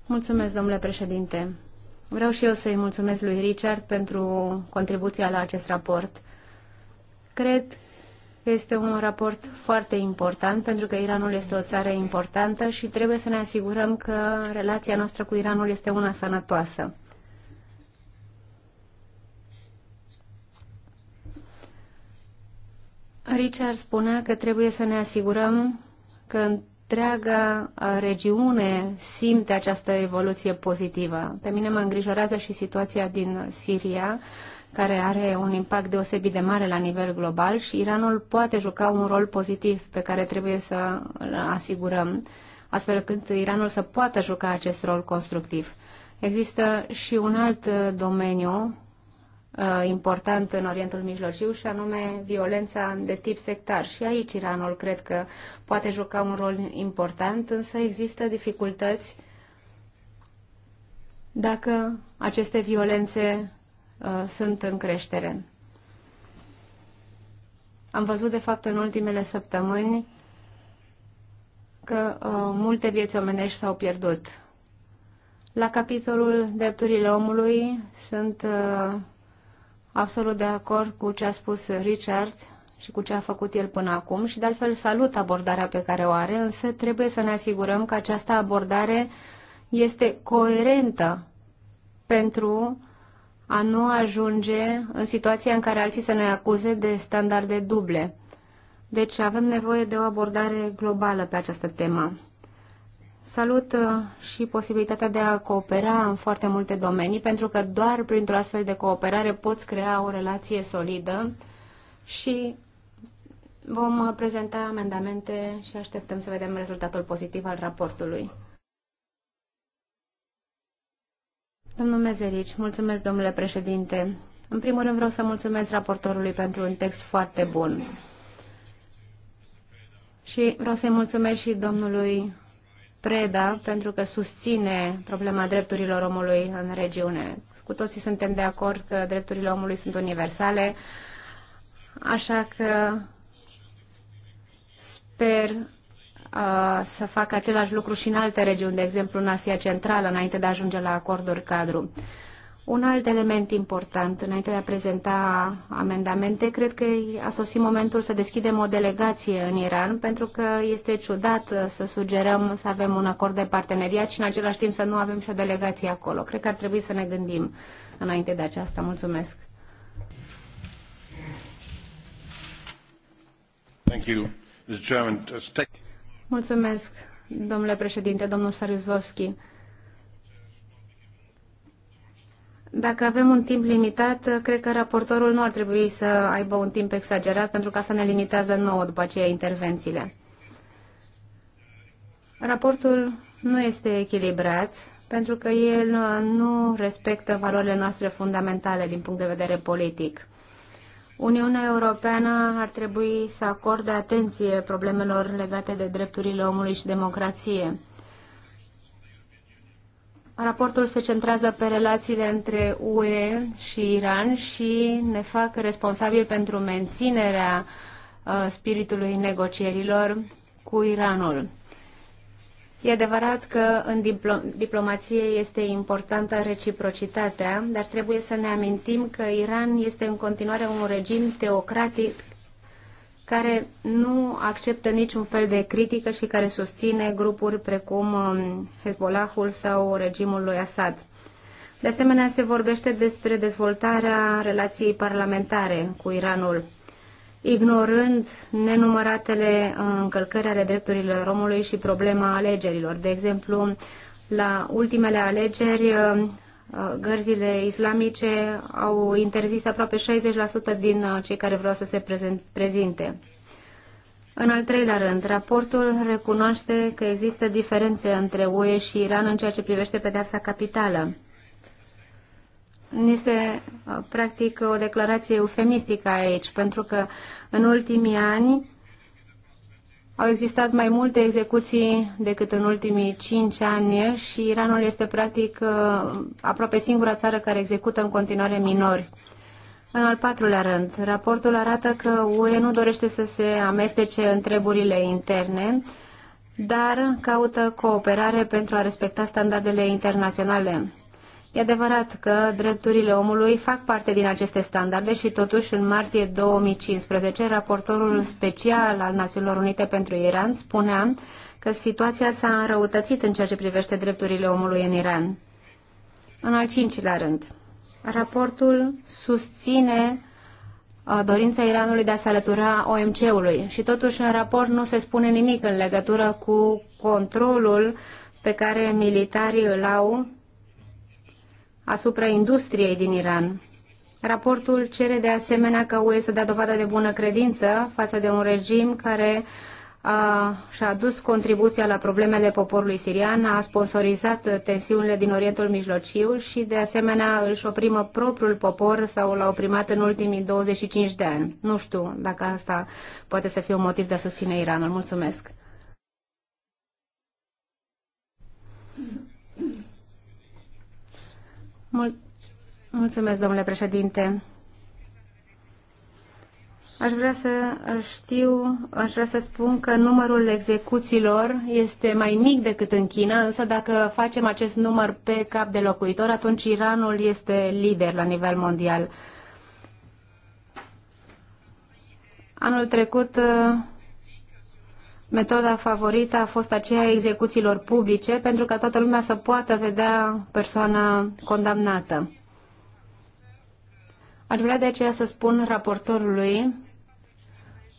Mulțumesc, domnule președinte. Vreau și eu să-i mulțumesc lui Richard pentru contribuția la acest raport. Cred că este un raport foarte important pentru că Iranul este o țară importantă și trebuie să ne asigurăm că relația noastră cu Iranul este una sănătoasă. Richard spunea că trebuie să ne asigurăm că întreaga regiune simte această evoluție pozitivă. Pe mine mă îngrijorează și situația din Siria, care are un impact deosebit de mare la nivel global și Iranul poate juca un rol pozitiv pe care trebuie să îl asigurăm, astfel când Iranul să poată juca acest rol constructiv. Există și un alt domeniu Uh, important în Orientul Mijlociu și anume violența de tip sectar. Și aici Iranul cred că poate juca un rol important, însă există dificultăți dacă aceste violențe uh, sunt în creștere. Am văzut, de fapt, în ultimele săptămâni că uh, multe vieți omenești s-au pierdut. La capitolul drepturile omului sunt uh, absolut de acord cu ce a spus Richard și cu ce a făcut el până acum și de altfel salut abordarea pe care o are, însă trebuie să ne asigurăm că această abordare este coerentă pentru a nu ajunge în situația în care alții să ne acuze de standarde duble. Deci avem nevoie de o abordare globală pe această temă. Salut uh, și posibilitatea de a coopera în foarte multe domenii, pentru că doar printr-o astfel de cooperare poți crea o relație solidă și vom uh, prezenta amendamente și așteptăm să vedem rezultatul pozitiv al raportului. Domnul Mezerici, mulțumesc, domnule președinte. În primul rând vreau să mulțumesc raportorului pentru un text foarte bun. Și vreau să-i mulțumesc și domnului Preda pentru că susține problema drepturilor omului în regiune. Cu toții suntem de acord că drepturile omului sunt universale, așa că sper uh, să fac același lucru și în alte regiuni, de exemplu în Asia Centrală, înainte de a ajunge la acorduri cadru. Uh, un alt element important, înainte de a prezenta amendamente, cred că a sosit momentul să deschidem o delegație în Iran, pentru că este ciudat uh, să sugerăm să avem un acord de parteneriat și în același timp să nu avem și o delegație acolo. Cred că ar trebui să ne gândim înainte de aceasta. Mulțumesc. Thank you. Mr. Chairman, Mulțumesc, domnule președinte, domnul Sarizvoski. Dacă avem un timp limitat, cred că raportorul nu ar trebui să aibă un timp exagerat, pentru că asta ne limitează nouă după aceea intervențiile. Raportul nu este echilibrat, pentru că el nu respectă valorile noastre fundamentale din punct de vedere politic. Uniunea Europeană ar trebui să acorde atenție problemelor legate de drepturile omului și democrație. Raportul se centrează pe relațiile între UE și Iran și ne fac responsabili pentru menținerea uh, spiritului negocierilor cu Iranul. E adevărat că în diplo- diplomație este importantă reciprocitatea, dar trebuie să ne amintim că Iran este în continuare un regim teocratic care nu acceptă niciun fel de critică și care susține grupuri precum um, Hezbollahul sau regimul lui Assad. De asemenea, se vorbește despre dezvoltarea relației parlamentare cu Iranul, ignorând nenumăratele uh, încălcări ale drepturilor omului și problema alegerilor. De exemplu, la ultimele alegeri, uh, Gărzile islamice au interzis aproape 60% din uh, cei care vreau să se prezinte. În al treilea rând, raportul recunoaște că există diferențe între UE și Iran în ceea ce privește pedeapsa capitală. Este uh, practic o declarație eufemistică aici, pentru că în ultimii ani au existat mai multe execuții decât în ultimii cinci ani și Iranul este practic uh, aproape singura țară care execută în continuare minori. În al patrulea rând, raportul arată că UE nu dorește să se amestece în treburile interne, dar caută cooperare pentru a respecta standardele internaționale. E adevărat că drepturile omului fac parte din aceste standarde și totuși în martie 2015 raportorul special al Națiunilor Unite pentru Iran spunea că situația s-a înrăutățit în ceea ce privește drepturile omului în Iran. În al cincilea rând, raportul susține uh, dorința Iranului de a se alătura OMC-ului și totuși în raport nu se spune nimic în legătură cu controlul pe care militarii îl au asupra industriei din Iran. Raportul cere de asemenea ca UE să dea dovadă de bună credință față de un regim care a, și-a adus contribuția la problemele poporului sirian, a sponsorizat tensiunile din Orientul Mijlociu și, de asemenea, își oprimă propriul popor sau l-a oprimat în ultimii 25 de ani. Nu știu dacă asta poate să fie un motiv de a susține Iranul. Mulțumesc! Mul Mulțumesc, domnule președinte. Aș vrea să știu, aș vrea să spun că numărul execuțiilor este mai mic decât în China, însă dacă facem acest număr pe cap de locuitor, atunci Iranul este lider la nivel mondial. Anul trecut Metoda favorită a fost aceea execuțiilor publice, pentru ca toată lumea să poată vedea persoana condamnată. Aș vrea de aceea să spun raportorului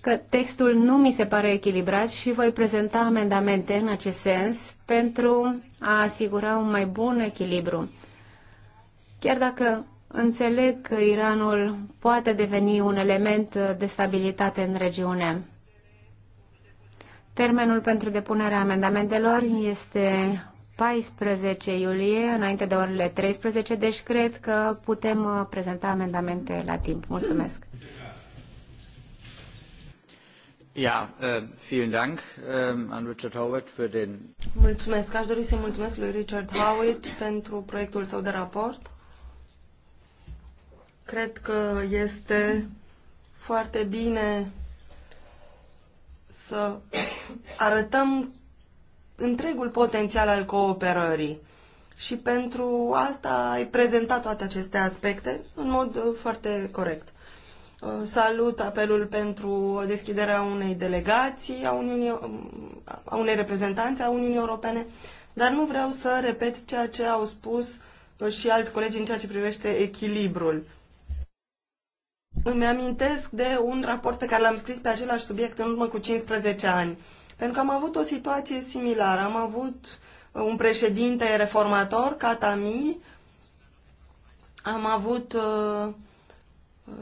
că textul nu mi se pare echilibrat și voi prezenta amendamente în acest sens pentru a asigura un mai bun echilibru. Chiar dacă înțeleg că Iranul poate deveni un element de stabilitate în regiune. Termenul pentru depunerea amendamentelor este 14 iulie, înainte de orele 13, deci cred că putem uh, prezenta amendamente la timp. Mulțumesc! Ja, yeah, uh, vielen Dank uh, an Richard Howard für den... Mulțumesc! Aș dori să mulțumesc lui Richard Howard pentru proiectul său de raport. Cred că este foarte bine să arătăm întregul potențial al cooperării. Și pentru asta ai prezentat toate aceste aspecte în mod uh, foarte corect. Uh, salut apelul pentru deschiderea unei delegații a, Uniunii, uh, a unei reprezentanțe a Uniunii Europene, dar nu vreau să repet ceea ce au spus și alți colegi în ceea ce privește echilibrul. Îmi amintesc de un raport pe care l-am scris pe același subiect în urmă cu 15 ani pentru că am avut o situație similară. Am avut uh, un președinte reformator, Katami, am avut uh,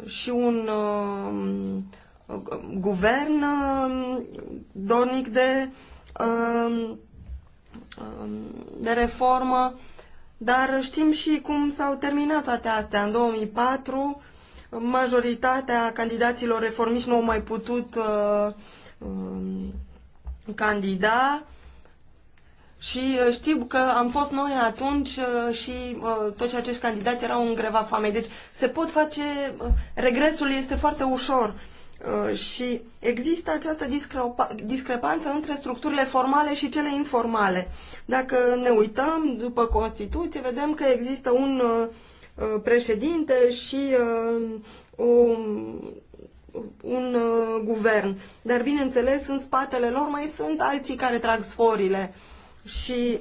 și un uh, guvern uh, dornic de, uh, uh de reformă, dar știm și cum s-au terminat toate astea. În 2004, majoritatea candidaților reformiști nu au mai putut uh, uh, candida și uh, știu că am fost noi atunci uh, și uh, toți acești candidați erau în greva foamei. Deci se pot face, regresul este foarte ușor și există această discrepa, discrepanță între structurile formale și cele informale. Dacă ne uităm după Constituție, vedem că există un președinte și un un uh, guvern. Dar, bineînțeles, în spatele lor mai sunt alții care trag sforile. Și [clears throat]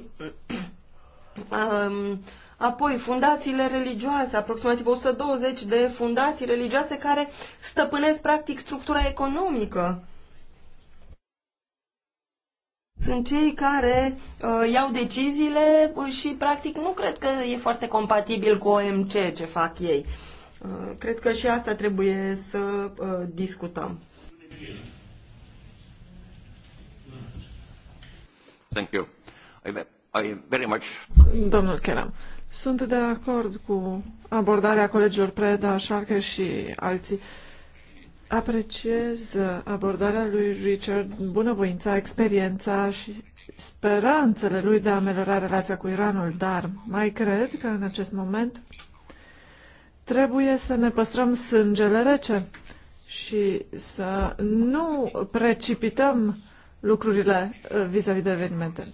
um, apoi fundațiile religioase, aproximativ 120 de fundații religioase care stăpânesc practic structura economică. Sunt cei care uh, iau deciziile și practic nu cred că e foarte compatibil cu OMC ce fac ei. Uh, Uh, cred că și asta trebuie să uh, discutăm. Thank you. I, I very much... Domnul Kelam, sunt de acord cu abordarea colegilor Preda, Șarcă și alții. Apreciez uh, abordarea lui Richard, bunăvoința, experiența și speranțele lui de a ameliora relația cu Iranul, dar mai cred că în acest moment Trebuie să ne păstrăm sângele rece și să nu precipităm lucrurile uh, vis-a-vis -vis de evenimente.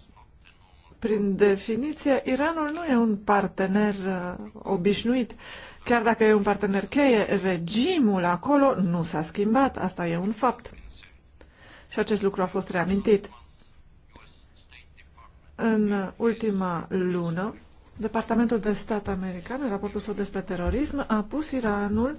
Prin definiție, Iranul nu e un partener uh, obișnuit. Chiar dacă e un partener cheie, regimul acolo nu s-a schimbat. Asta e un fapt. Și acest lucru a fost reamintit. În ultima lună, Departamentul de Stat American, în raportul său despre terorism, a pus Iranul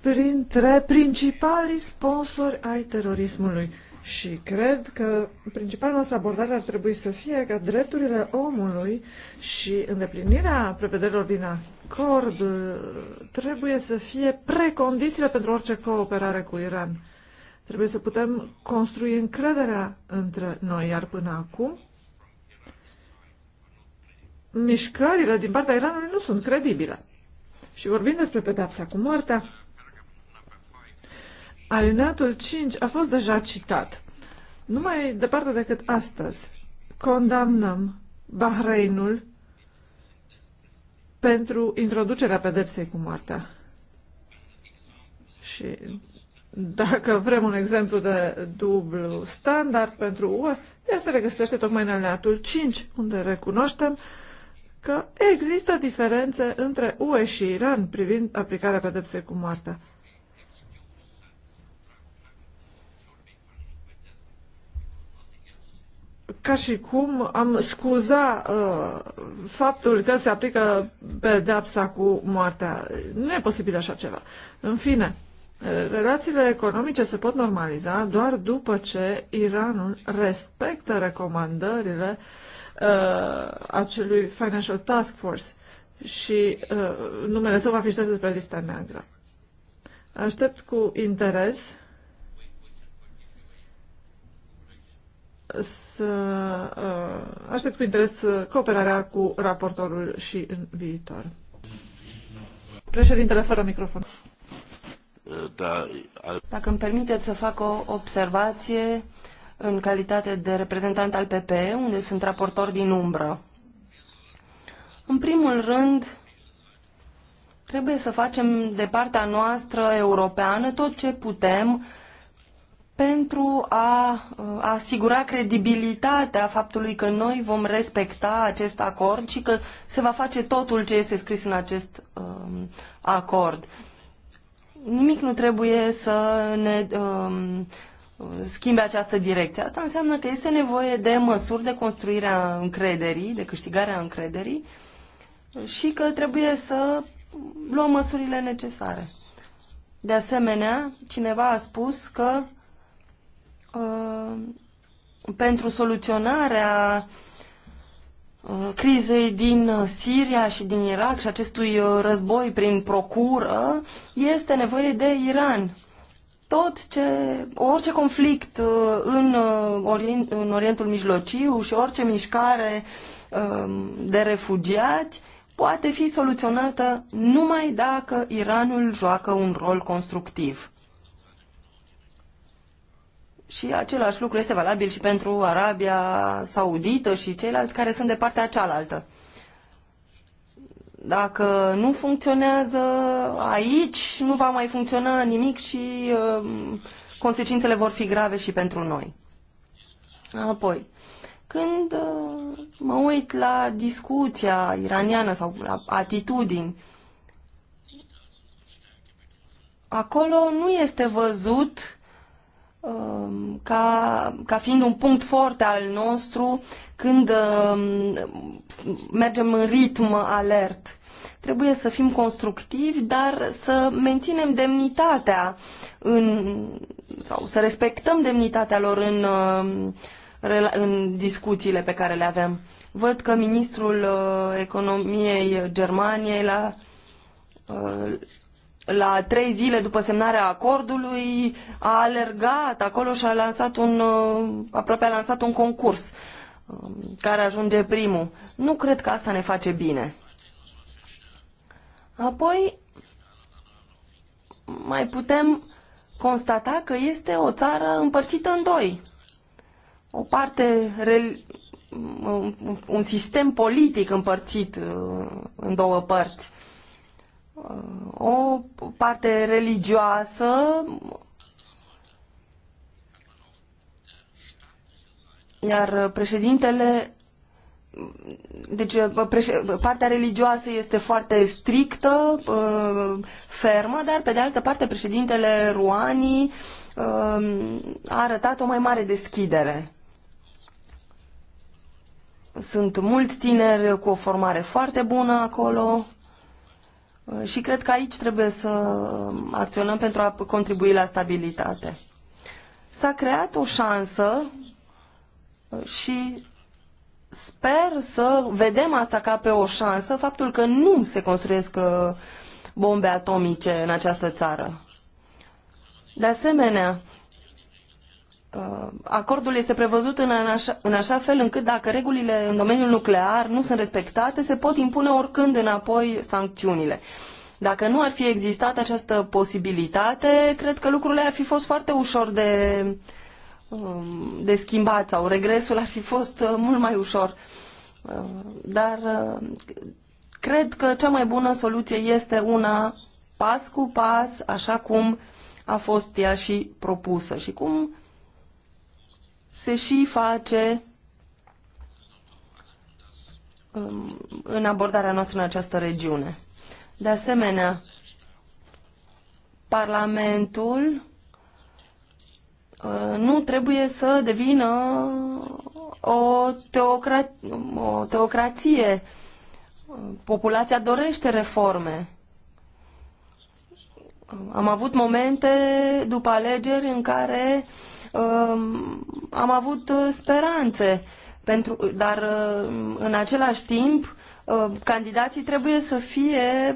printre principalii sponsori ai terorismului. Și cred că principala noastră abordare ar trebui să fie că drepturile omului și îndeplinirea prevederilor din acord uh, trebuie să fie precondițiile pentru orice cooperare cu Iran. Trebuie să putem construi încrederea între noi, iar până acum mișcările din partea Iranului nu sunt credibile. Și vorbind despre pedapsa cu moartea, alineatul 5 a fost deja citat. Numai departe decât astăzi condamnăm Bahreinul pentru introducerea pedepsei cu moartea. Și dacă vrem un exemplu de dublu standard pentru UE, ea se regăsește tocmai în alineatul 5, unde recunoaștem uh, că există diferențe între UE și Iran privind aplicarea pedepsei cu moartea. Ca și cum am scuza uh, faptul că se aplică pedepsa cu moartea. Nu e posibil așa ceva. În fine, Relațiile economice se pot normaliza doar după ce Iranul respectă recomandările uh, acelui Financial Task Force și uh, numele său va fi șters pe lista neagră. Aștept cu interes să uh, aștept cu interes cooperarea cu raportorul și în viitor. Președintele fără microfon. Da, Dacă îmi permiteți să fac o observație în calitate de reprezentant al PPE, unde sunt raportor din umbră. În primul rând, trebuie să facem de partea noastră europeană tot ce putem pentru uh, a asigura credibilitatea faptului că noi vom respecta acest acord și că se va face totul ce este scris în acest um, acord nimic nu trebuie să ne um, schimbe această direcție. Asta înseamnă că este nevoie de măsuri de construirea încrederii, de câștigarea încrederii și că trebuie să luăm măsurile necesare. De asemenea, cineva a spus că uh, pentru soluționarea uh, Uh, crizei din uh, Siria și din Irak și acestui uh, război prin procură, este nevoie de Iran. Tot ce, orice conflict în, Orient, în Orientul Mijlociu și orice mișcare um, de refugiați poate fi soluționată numai dacă Iranul joacă un rol constructiv. Și același lucru este valabil și pentru Arabia Saudită și ceilalți care sunt de partea cealaltă. Dacă nu funcționează aici, nu va mai funcționa nimic și uh, consecințele vor fi grave și pentru noi. Apoi, când uh, mă uit la discuția iraniană sau la atitudini, acolo nu este văzut Um, ca, ca fiind un punct foarte al nostru când um, mergem în ritm alert. Trebuie să fim constructivi, dar să menținem demnitatea în, sau să respectăm demnitatea lor în, um, în discuțiile pe care le avem. Văd că ministrul uh, economiei Germaniei la uh, la trei zile după semnarea acordului, a alergat acolo și a lansat un, uh, aproape a lansat un concurs um, care ajunge primul. Nu cred că asta ne face bine. Apoi, mai putem constata că este o țară împărțită în doi. O parte, um, un sistem politic împărțit uh, în două părți Uh, o parte religioasă iar președintele deci uh, partea religioasă este foarte strictă, uh, fermă, dar pe de altă parte președintele Ruani a arătat o mai mare deschidere. Sunt mulți tineri cu o formare foarte bună acolo. Uh, și cred că aici trebuie să um, acționăm pentru a contribui la stabilitate. S-a creat o șansă uh, și sper să vedem asta ca pe o șansă, faptul că nu se construiesc uh, bombe atomice în această țară. De asemenea, Uh, acordul este prevăzut în așa, în așa fel încât dacă regulile în domeniul nuclear nu sunt respectate, se pot impune oricând înapoi sancțiunile. Dacă nu ar fi existat această posibilitate, cred că lucrurile ar fi fost foarte ușor de, um, de schimbat sau regresul ar fi fost uh, mult mai ușor. Uh, dar cred că cea mai bună soluție este una pas cu pas, așa cum a fost ea și propusă și cum se și face um, în abordarea noastră în această regiune. De asemenea, Parlamentul uh, nu trebuie să devină o, teocra- o teocrație. Populația dorește reforme. Am avut momente după alegeri în care uh, am avut uh, speranțe, pentru, dar uh, în același timp uh, candidații trebuie să fie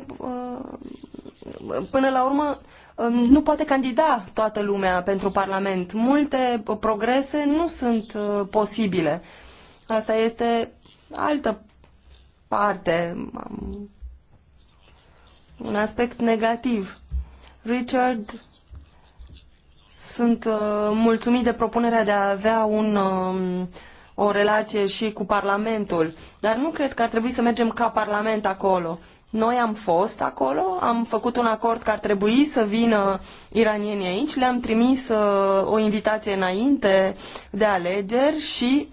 până la urmă um, nu poate candida toată lumea pentru Parlament. Multe progrese nu sunt posibile. Asta este altă parte, um, un aspect negativ. Richard sunt uh, mulțumit de propunerea de a avea un, um, o relație și cu Parlamentul, dar nu cred că ar trebui să mergem ca Parlament acolo. Noi am fost acolo, am făcut un acord că ar trebui să vină iranienii aici, le-am trimis uh, o invitație înainte de alegeri și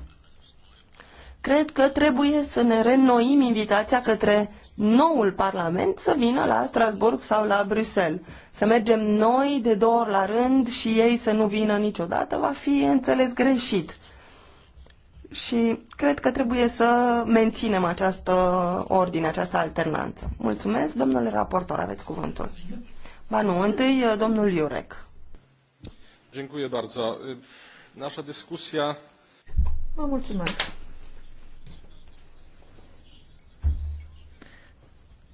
cred că trebuie să ne reînnoim invitația către noul Parlament să vină la Strasburg sau la Bruxelles. Să mergem noi de două ori la rând și ei să nu vină niciodată va fi înțeles greșit. Și cred că trebuie să menținem această ordine, această alternanță. Mulțumesc, domnule raportor, aveți cuvântul. Ba nu, întâi domnul Iurec. Dziękuję bardzo. Nasza dyskusja... Vă mulțumesc.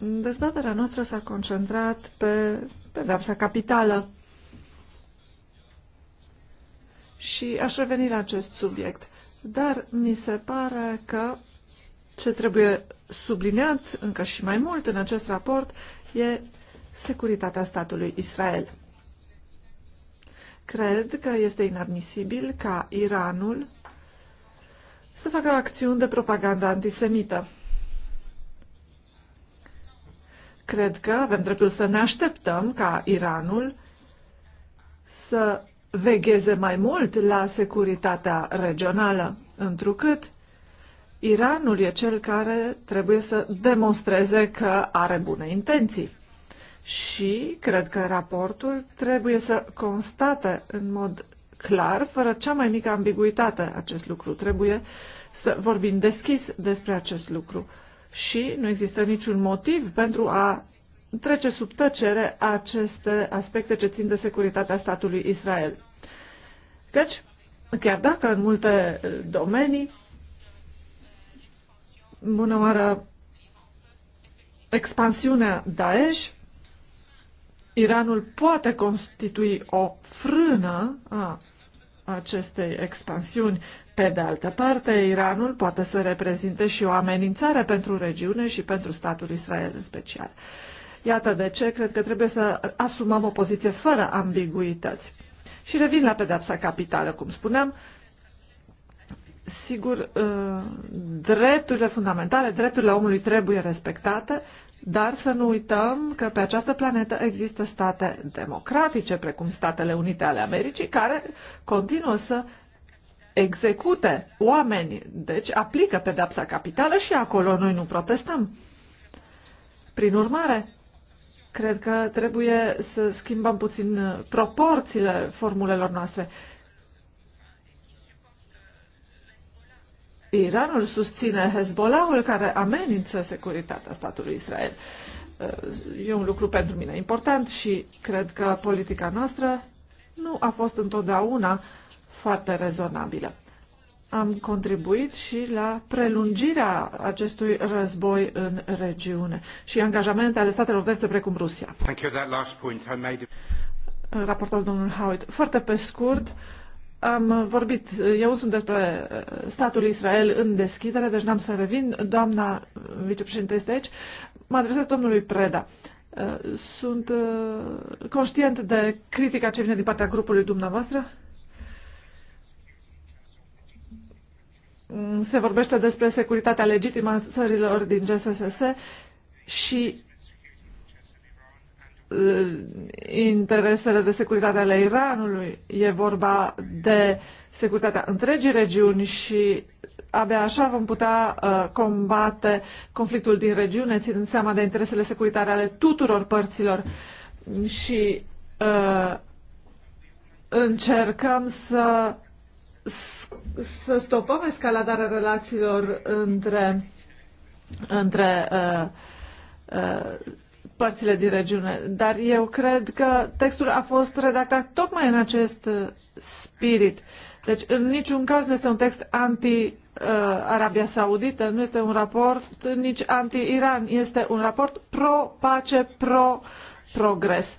Dezbaterea noastră s-a concentrat pe pedapsa capitală și aș reveni la acest subiect. Dar mi se pare că ce trebuie subliniat încă și mai mult în acest raport e securitatea statului Israel. Cred că este inadmisibil ca Iranul să facă acțiuni de propagandă antisemită. Cred că avem dreptul să ne așteptăm ca Iranul să vegheze mai mult la securitatea regională, întrucât Iranul e cel care trebuie să demonstreze că are bune intenții. Și cred că raportul trebuie să constate în mod clar, fără cea mai mică ambiguitate, acest lucru. Trebuie să vorbim deschis despre acest lucru și nu există niciun motiv pentru a trece sub tăcere aceste aspecte ce țin de securitatea statului Israel. Căci, deci, chiar dacă în multe domenii, bună oară, expansiunea Daesh, Iranul poate constitui o frână a acestei expansiuni. Pe de altă parte, Iranul poate să reprezinte și o amenințare pentru regiune și pentru statul Israel în special. Iată de ce cred că trebuie să asumăm o poziție fără ambiguități. Și revin la pedeapsa capitală, cum spuneam. Sigur, uh, drepturile fundamentale, drepturile omului trebuie respectate, dar să nu uităm că pe această planetă există state democratice, precum Statele Unite ale Americii, care continuă să execute oameni, deci aplică pedepsa capitală și acolo noi nu protestăm. Prin urmare, cred că trebuie să schimbăm puțin proporțiile formulelor noastre Iranul susține Hezbollahul care amenință securitatea statului Israel. E un lucru pentru mine important și cred că politica noastră nu a fost întotdeauna foarte rezonabilă. Am contribuit și la prelungirea acestui război în regiune și angajamente ale statelor verse precum Rusia. Raportul domnul Howitt. Foarte pe scurt, uh, am vorbit eu sunt despre uh, statul Israel în deschidere, deci n-am să revin. Doamna vicepreședinte este aici. Mă adresez domnului Preda. Uh, sunt uh, conștient de critica ce vine din partea grupului dumneavoastră. Mm, se vorbește despre securitatea legitimă a țărilor din GSSS și Uh, interesele de securitate ale Iranului, e vorba de securitatea întregii regiuni și abia așa vom putea uh, combate conflictul din regiune, ținând seama de interesele securitare ale tuturor părților și uh, încercăm să, să stopăm escaladarea relațiilor între, între uh, uh, părțile din regiune, dar eu cred că textul a fost redactat tocmai în acest uh, spirit. Deci, în niciun caz nu este un text anti-Arabia uh, Saudită, nu este un raport nici anti-Iran, este un raport pro-pace, pro-progres.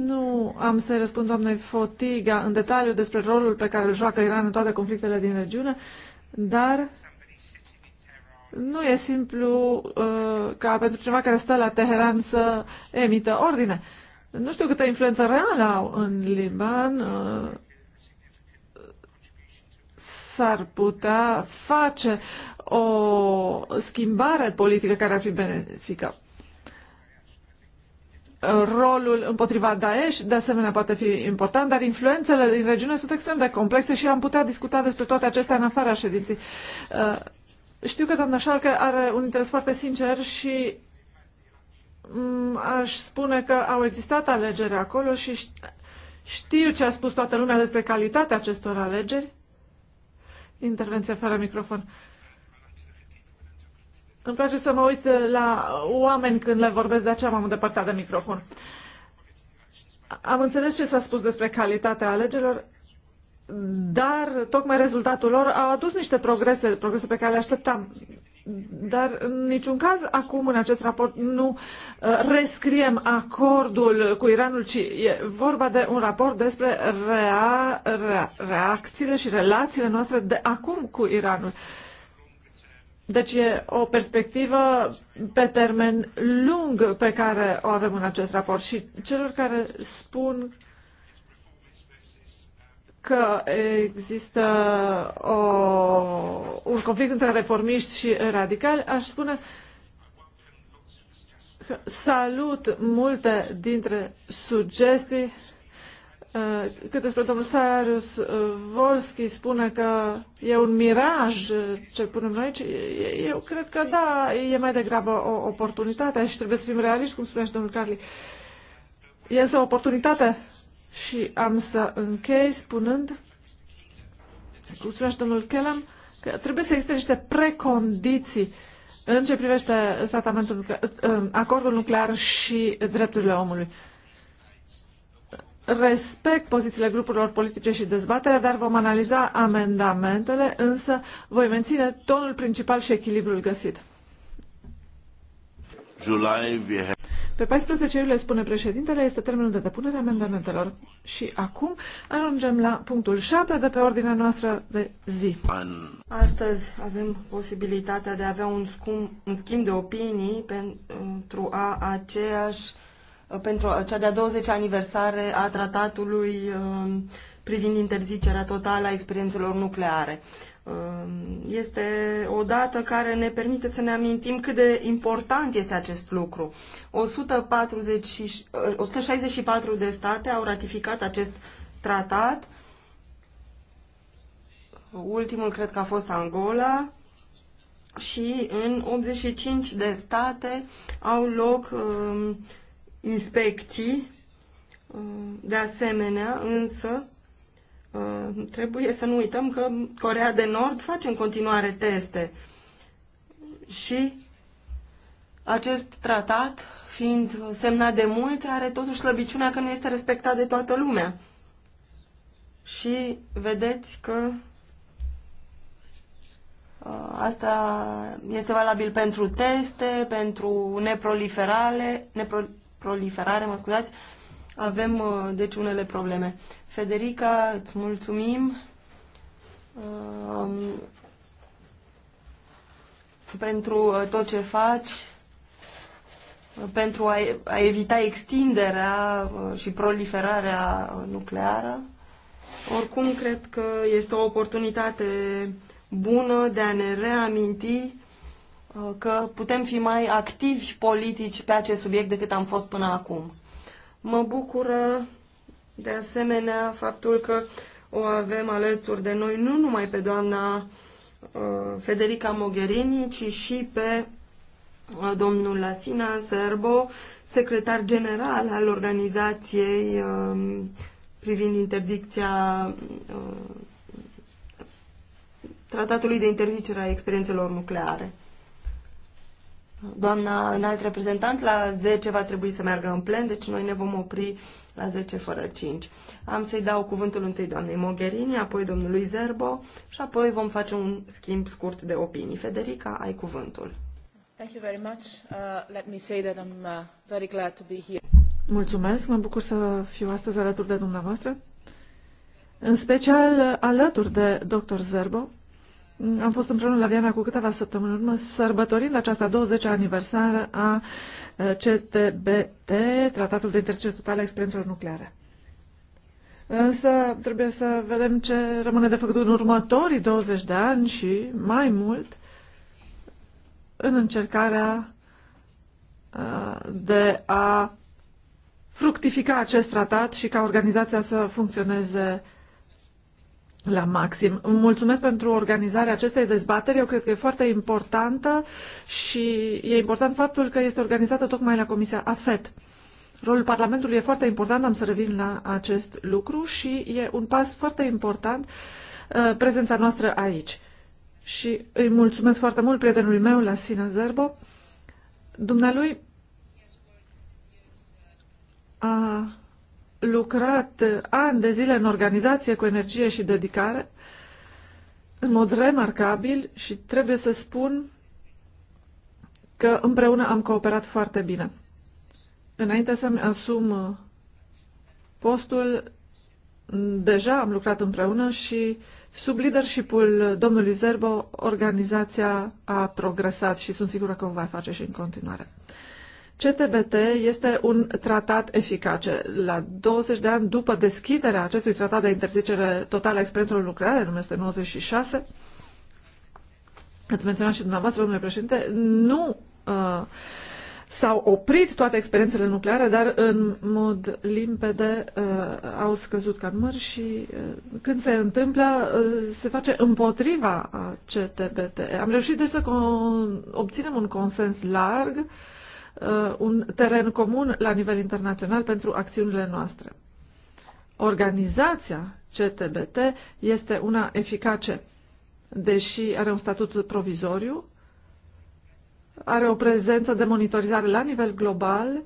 Nu am să răspund doamnei Fotiga în detaliu despre rolul pe care îl joacă Iran în toate conflictele din regiune, dar nu e simplu uh, ca pentru cineva care stă la Teheran să emită ordine. Nu știu câtă influență reală au în Liban. Uh, s-ar putea face o schimbare politică care ar fi benefică. Rolul împotriva Daesh, de asemenea, poate fi important, dar influențele din regiune sunt extrem de complexe și am putea discuta despre toate acestea în afara ședinței. Uh, știu că doamna Șalcă are un interes foarte sincer și mm, aș spune că au existat alegeri acolo și știu ce a spus toată lumea despre calitatea acestor alegeri. Intervenție fără microfon. Îmi place să mă uit la oameni când le vorbesc, de aceea m-am îndepărtat de microfon. Am înțeles ce s-a spus despre calitatea alegerilor dar tocmai rezultatul lor a adus niște progrese, progrese pe care le așteptam. Dar în niciun caz acum în acest raport nu uh, rescriem acordul cu Iranul, ci e vorba de un raport despre rea, rea, reacțiile și relațiile noastre de acum cu Iranul. Deci e o perspectivă pe termen lung pe care o avem în acest raport și celor care spun că există o, un conflict între reformiști și radicali, aș spune că salut multe dintre sugestii uh, cât despre domnul Sarius uh, Volski spune că e un miraj ce punem noi aici, eu cred că da, e mai degrabă o oportunitate și trebuie să fim realiști, cum spunea și domnul Carli. E însă o oportunitate și am să închei spunând, cum spunea și domnul Kellam, că trebuie să existe niște precondiții în ce privește tratamentul, uh, acordul nuclear și drepturile omului. Respect pozițiile grupurilor politice și dezbaterea, dar vom analiza amendamentele, însă voi menține tonul principal și echilibrul găsit. July, pe 14 iulie, spune președintele, este termenul de depunere a amendamentelor. Și acum ajungem la punctul 7 de pe ordinea noastră de zi. Astăzi avem posibilitatea de a avea un, scum, un schimb de opinii pentru a aceeași pentru cea de-a 20 aniversare a tratatului um, privind interzicerea totală a experiențelor nucleare. Um, este o dată care ne permite să ne amintim cât de important este acest lucru. 140, 164 uh, de state au ratificat acest tratat. Ultimul cred că a fost Angola și în 85 de state au loc um, inspecții. Uh, de asemenea, însă, Uh, trebuie să nu uităm că Corea de Nord face în continuare teste și acest tratat, fiind semnat de mult, are totuși slăbiciunea că nu este respectat de toată lumea. Și vedeți că uh, asta este valabil pentru teste, pentru neproliferare, neproliferare, mă scuzați, avem uh, deci unele probleme. Federica, îți mulțumim um, pentru uh, tot ce faci, uh, pentru a, a evita extinderea și proliferarea nucleară. Oricum, cred că este o oportunitate bună de a ne reaminti că putem fi mai activi politici pe acest subiect decât am fost până acum. Mă bucură de asemenea faptul că o avem alături de noi nu numai pe doamna uh, Federica Mogherini, ci și pe uh, domnul Lasina Serbo, secretar general al organizației um, privind interdicția uh, tratatului de interzicere a experiențelor nucleare. Doamna înalt reprezentant la 10 va trebui să meargă în plen, deci noi ne vom opri la 10 fără 5. Am să-i dau cuvântul întâi doamnei Mogherini, apoi domnului Zerbo și apoi vom face un schimb scurt de opinii. Federica, ai cuvântul. Thank you very much. Uh, let me say that I'm uh, very glad to be here. Mulțumesc, mă bucur să fiu astăzi alături de dumneavoastră, în special alături de dr. Zerbo, am fost împreună la Viana cu câteva săptămâni urmă, sărbătorind această 20-a aniversară a eh, CTBT, Tratatul de Interzice Totală a Experiențelor Nucleare. Însă trebuie să vedem ce rămâne de făcut în următorii 20 de ani și mai mult în încercarea eh, de a fructifica acest tratat și ca organizația să funcționeze uh, la maxim. Mulțumesc pentru organizarea acestei dezbateri. Eu cred că e foarte importantă și e important faptul că este organizată tocmai la Comisia AFET. Rolul Parlamentului e foarte important, am să revin la acest lucru și e un pas foarte important uh, prezența noastră aici. Și îi mulțumesc foarte mult prietenului meu, la Sina Zerbo. Dumnealui a lucrat ani de zile în organizație cu energie și dedicare, în mod remarcabil și trebuie să spun că împreună am cooperat foarte bine. Înainte să-mi asum postul, deja am lucrat împreună și sub leadership-ul domnului Zerbo, organizația a progresat și sunt sigură că o va face și în continuare. CTBT este un tratat eficace. La 20 de ani după deschiderea acestui tratat de interzicere totală a experiențelor nucleare, în 1996, ați menționat și dumneavoastră, domnule președinte, nu uh, s-au oprit toate experiențele nucleare, dar în mod limpede uh, au scăzut ca număr și uh, când se întâmplă, uh, se face împotriva CTBT. Am reușit deci să obținem un consens larg uh, uh, un teren comun la nivel internațional pentru acțiunile noastre. Organizația CTBT este una eficace, deși are un statut provizoriu, are o prezență de monitorizare la nivel global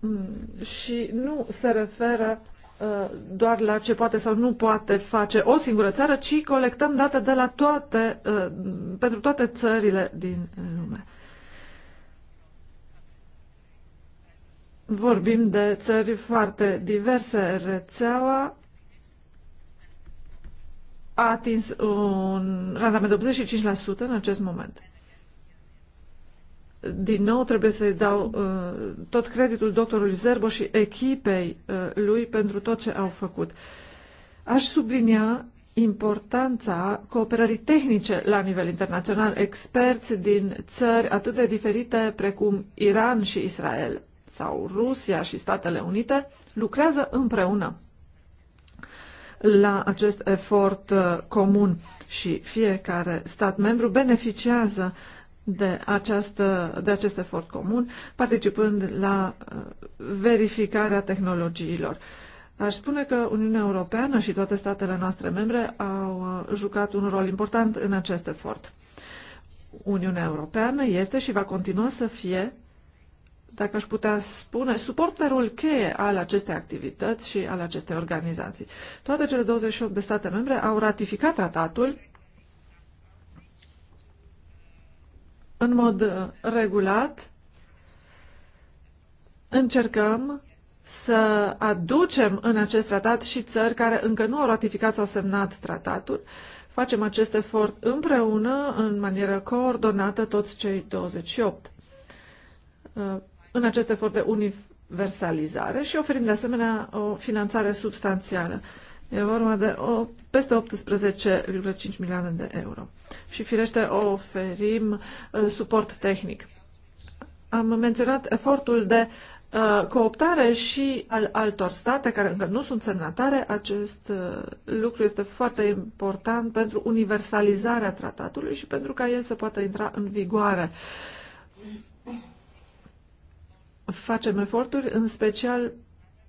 mm, și nu se referă uh, doar la ce poate sau nu poate face o singură țară, ci colectăm date de la toate, uh, pentru toate țările din lume. Vorbim de țări foarte diverse. Rețeaua a atins un randament de 85% în acest moment. Din nou trebuie să-i dau uh, tot creditul doctorului Zerbo și echipei uh, lui pentru tot ce au făcut. Aș sublinia importanța cooperării tehnice la nivel internațional, experți din țări atât de diferite precum Iran și Israel, sau Rusia și Statele Unite lucrează împreună la acest efort uh, comun și fiecare stat membru beneficiază de, această, de acest efort comun, participând la uh, verificarea tehnologiilor. Aș spune că Uniunea Europeană și toate statele noastre membre au uh, jucat un rol important în acest efort. Uniunea Europeană este și va continua să fie dacă aș putea spune, suporterul cheie al acestei activități și al acestei organizații. Toate cele 28 de state membre au ratificat tratatul în mod uh, regulat. Încercăm să aducem în acest tratat și țări care încă nu au ratificat sau semnat tratatul. Facem acest efort împreună, în manieră coordonată, toți cei 28 în acest efort de universalizare și oferim de asemenea o finanțare substanțială. E vorba de o, peste 18,5 milioane de euro. Și firește oferim uh, suport tehnic. Am menționat efortul de uh, cooptare și al altor state care încă nu sunt semnatare. Acest uh, lucru este foarte important pentru universalizarea tratatului și pentru ca el să poată intra în vigoare. Uh, facem eforturi, în special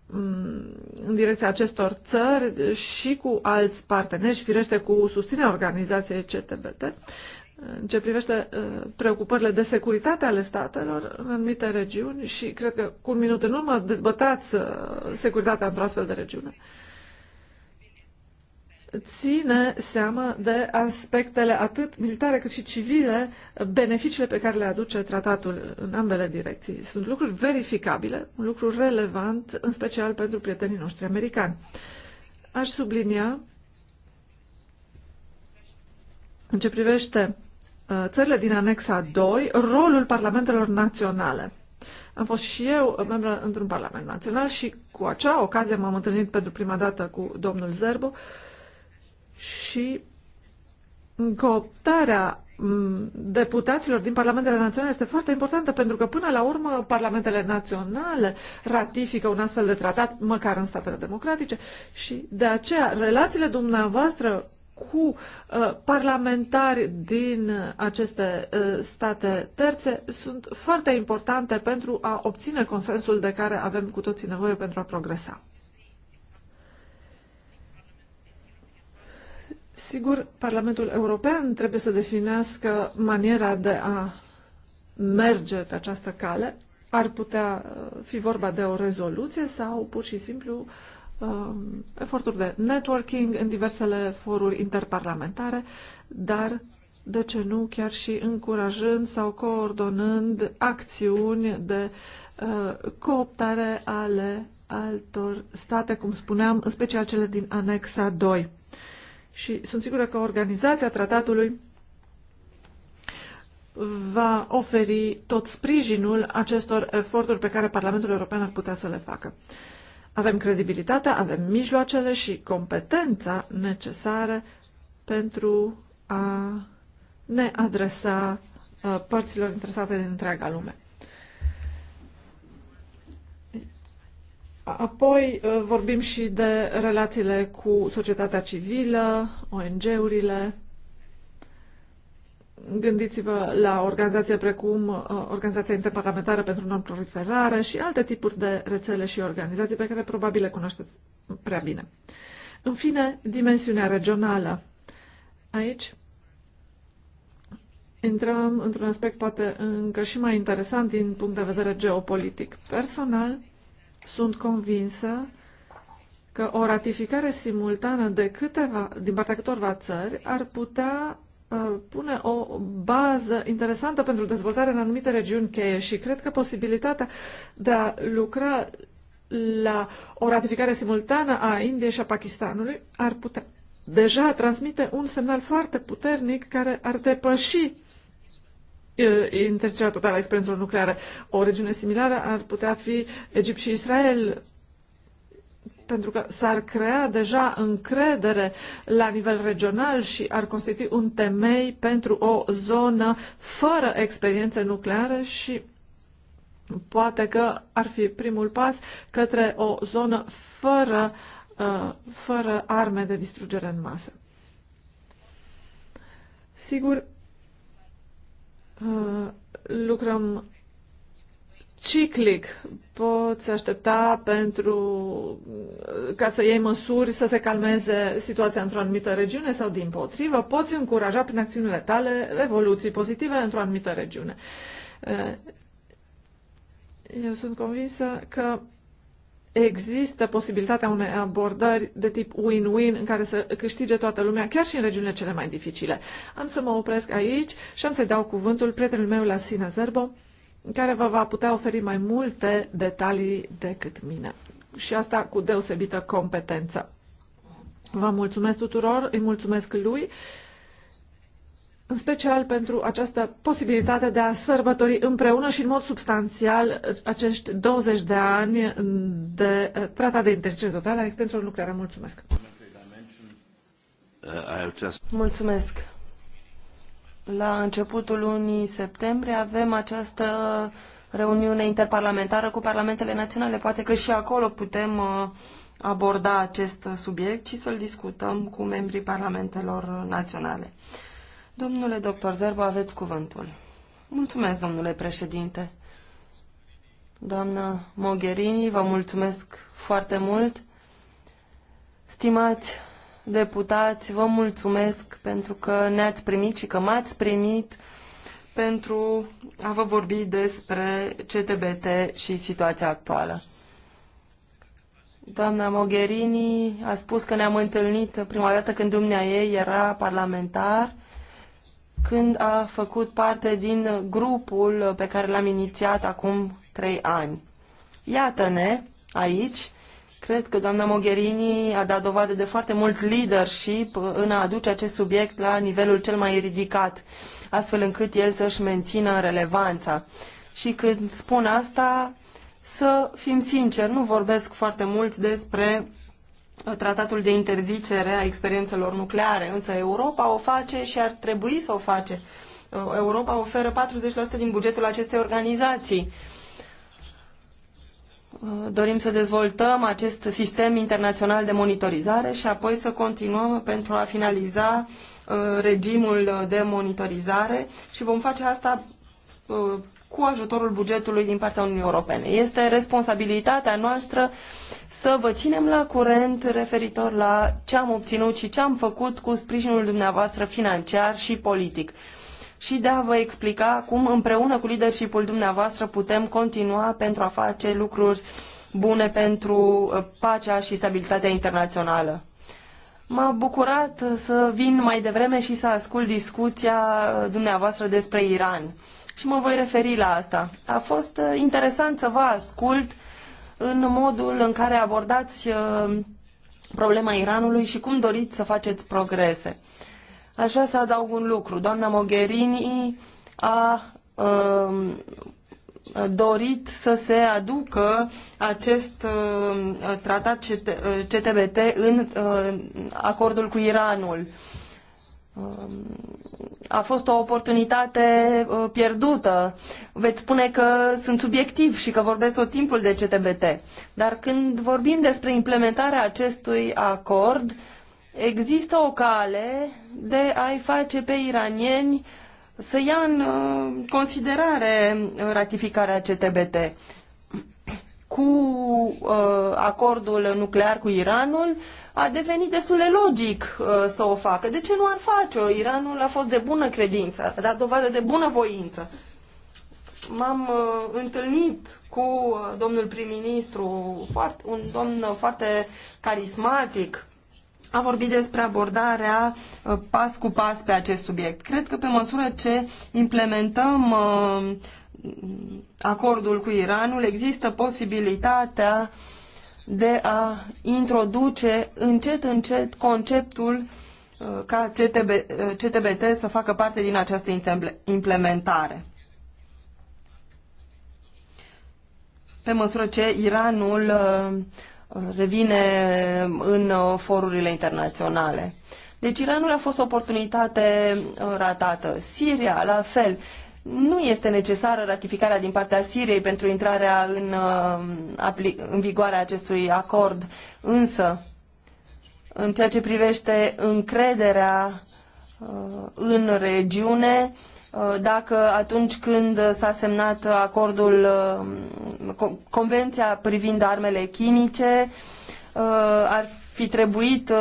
mm, în direcția acestor țări și cu alți parteneri firește cu susținerea organizației CTBT. În ce privește uh, preocupările de securitate ale statelor în anumite regiuni și cred că cu un minut în urmă dezbătați uh, securitatea într-o astfel de regiune ține seama de aspectele atât militare cât și civile, beneficiile pe care le aduce tratatul în ambele direcții. Sunt lucruri verificabile, un lucru relevant, în special pentru prietenii noștri americani. Aș sublinia, în ce privește uh, țările din anexa 2, rolul parlamentelor naționale. Am fost și eu membru într-un parlament național și cu acea ocazie m-am întâlnit pentru prima dată cu domnul Zerbo, și cooptarea deputaților din Parlamentele Naționale este foarte importantă pentru că până la urmă Parlamentele Naționale ratifică un astfel de tratat, măcar în statele democratice și de aceea relațiile dumneavoastră cu uh, parlamentari din uh, aceste uh, state terțe sunt foarte importante pentru a obține consensul de care avem cu toții nevoie pentru a progresa. Sigur, Parlamentul European trebuie să definească maniera de a merge pe această cale. Ar putea uh, fi vorba de o rezoluție sau pur și simplu um, eforturi de networking în diversele foruri interparlamentare, dar de ce nu chiar și încurajând sau coordonând acțiuni de uh, cooptare ale altor state, cum spuneam, în special cele din anexa 2 și sunt sigură că organizația tratatului va oferi tot sprijinul acestor eforturi pe care Parlamentul European ar putea să le facă. Avem credibilitatea, avem mijloacele și competența necesare pentru a ne adresa uh, părților interesate din întreaga lume. Apoi uh, vorbim și de relațiile cu societatea civilă, ONG-urile. Gândiți-vă la organizații precum uh, Organizația Interparlamentară pentru Non-Proliferare și alte tipuri de rețele și organizații pe care probabil le cunoașteți prea bine. În fine, dimensiunea regională. Aici intrăm într-un aspect poate încă și mai interesant din punct de vedere geopolitic. Personal, sunt convinsă că o ratificare simultană de câteva, din partea câtorva țări ar putea uh, pune o bază interesantă pentru dezvoltare în anumite regiuni cheie și cred că posibilitatea de a lucra la o ratificare simultană a Indiei și a Pakistanului ar putea deja transmite un semnal foarte puternic care ar depăși interzicerea totală a experiențelor nucleare. O regiune similară ar putea fi Egipt și Israel, pentru că s-ar crea deja încredere la nivel regional și ar constitui un temei pentru o zonă fără experiențe nucleare și poate că ar fi primul pas către o zonă fără, uh, fără arme de distrugere în masă. Sigur, Uh, lucrăm ciclic. Poți aștepta pentru ca să iei măsuri să se calmeze situația într-o anumită regiune sau din potrivă, poți încuraja prin acțiunile tale evoluții pozitive într-o anumită regiune. Uh, eu sunt convinsă că există posibilitatea unei abordări de tip win-win în care să câștige toată lumea, chiar și în regiunile cele mai dificile. Am să mă opresc aici și am să-i dau cuvântul prietenul meu la Sina Zerbo, care vă va putea oferi mai multe detalii decât mine. Și asta cu deosebită competență. Vă mulțumesc tuturor, îi mulțumesc lui în special pentru această posibilitate de a sărbători împreună și în mod substanțial acești 20 de ani de eh, trata de interzicere totală a experiențelor nucleare. Mulțumesc! Uh, Mulțumesc! La începutul lunii septembrie avem această reuniune interparlamentară cu parlamentele naționale. Poate că și acolo putem uh, aborda acest subiect și să-l discutăm cu membrii parlamentelor naționale. Domnule doctor Zerbo, aveți cuvântul. Mulțumesc, domnule președinte. Doamnă Mogherini, vă mulțumesc foarte mult. Stimați deputați, vă mulțumesc pentru că ne-ați primit și că m-ați primit pentru a vă vorbi despre CTBT și situația actuală. Doamna Mogherini a spus că ne-am întâlnit prima dată când dumnea ei era parlamentar când a făcut parte din grupul pe care l-am inițiat acum trei ani. Iată-ne aici. Cred că doamna Mogherini a dat dovadă de foarte mult leadership în a aduce acest subiect la nivelul cel mai ridicat, astfel încât el să-și mențină relevanța. Și când spun asta, să fim sinceri, nu vorbesc foarte mult despre tratatul de interzicere a experiențelor nucleare, însă Europa o face și ar trebui să o face. Uh, Europa oferă 40% din bugetul acestei organizații. Uh, dorim să dezvoltăm acest sistem internațional de monitorizare și apoi să continuăm pentru a finaliza uh, regimul de monitorizare și vom face asta cu ajutorul bugetului din partea Uniunii Europene. Este responsabilitatea noastră să vă ținem la curent referitor la ce am obținut și ce am făcut cu sprijinul dumneavoastră financiar și politic și de a vă explica cum împreună cu leadership-ul dumneavoastră putem continua pentru a face lucruri bune pentru uh, pacea și stabilitatea internațională. M-a bucurat să vin mai devreme și să ascult discuția uh, dumneavoastră despre Iran și mă voi referi la asta. A fost uh, interesant să vă ascult în modul în care abordați uh, problema Iranului și cum doriți să faceți progrese. Aș vrea să adaug un lucru. Doamna Mogherini a um, dorit să se aducă acest um, tratat CTBT uh, în acordul cu Iranul. Um, a fost o oportunitate uh, pierdută. Veți spune că sunt subiectiv și că vorbesc tot timpul de CTBT. Dar când vorbim despre implementarea acestui acord, există o cale de a-i face pe iranieni să ia în uh, considerare ratificarea CTBT. Cu uh, acordul nuclear cu Iranul, a devenit destul de logic uh, să o facă. De ce nu ar face-o? Iranul a fost de bună credință, a dat dovadă de bună voință. M-am uh, întâlnit cu uh, domnul prim-ministru, un domn foarte carismatic, a vorbit despre abordarea uh, pas cu pas pe acest subiect. Cred că pe măsură ce implementăm uh, acordul cu Iranul, există posibilitatea uh, de a introduce încet, încet conceptul uh, ca CTB, uh, CTBT să facă parte din această implementare. Pe măsură ce Iranul uh, revine în forurile internaționale. Deci Iranul a fost o oportunitate ratată. Siria, la fel nu este necesară ratificarea din partea Siriei pentru intrarea în, uh, în vigoare a acestui acord, însă în ceea ce privește încrederea uh, în regiune, uh, dacă atunci când s-a semnat acordul, convenția privind armele chimice, ar fi trebuit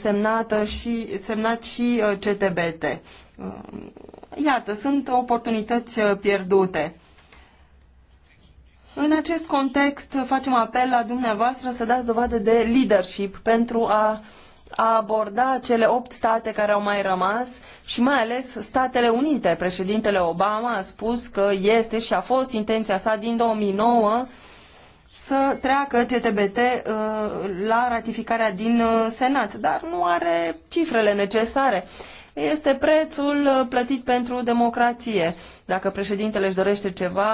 semnată și, semnat și CTBT Iată, sunt oportunități uh, pierdute. În acest context uh, facem apel la dumneavoastră să dați dovadă de leadership pentru a, a aborda cele opt state care au mai rămas și mai ales Statele Unite. Președintele Obama a spus că este și a fost intenția sa din 2009 să treacă CTBT uh, la ratificarea din Senat, dar nu are cifrele necesare este prețul uh, plătit pentru democrație, dacă președintele își dorește ceva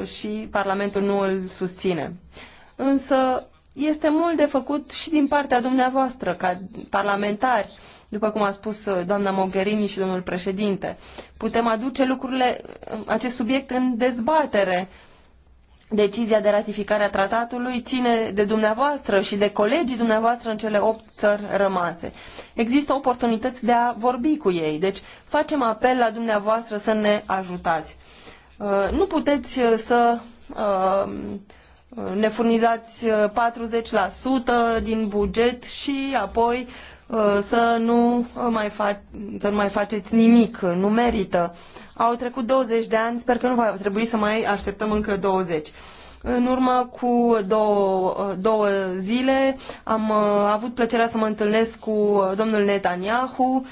uh, și Parlamentul nu îl susține. Însă este mult de făcut și din partea dumneavoastră, ca parlamentari, după cum a spus uh, doamna Mogherini și domnul președinte. Putem aduce lucrurile, acest subiect în dezbatere decizia de ratificare a tratatului ține de dumneavoastră și de colegii dumneavoastră în cele opt țări rămase. Există oportunități de a vorbi cu ei, deci facem apel la dumneavoastră să ne ajutați. Uh, nu puteți uh, să uh, ne furnizați 40% din buget și apoi Uh, să nu mai, fa- să nu mai faceți nimic, nu merită. Au trecut 20 de ani, sper că nu va trebui să mai așteptăm încă 20. În urmă cu două, uh, două zile am uh, avut plăcerea să mă întâlnesc cu domnul Netanyahu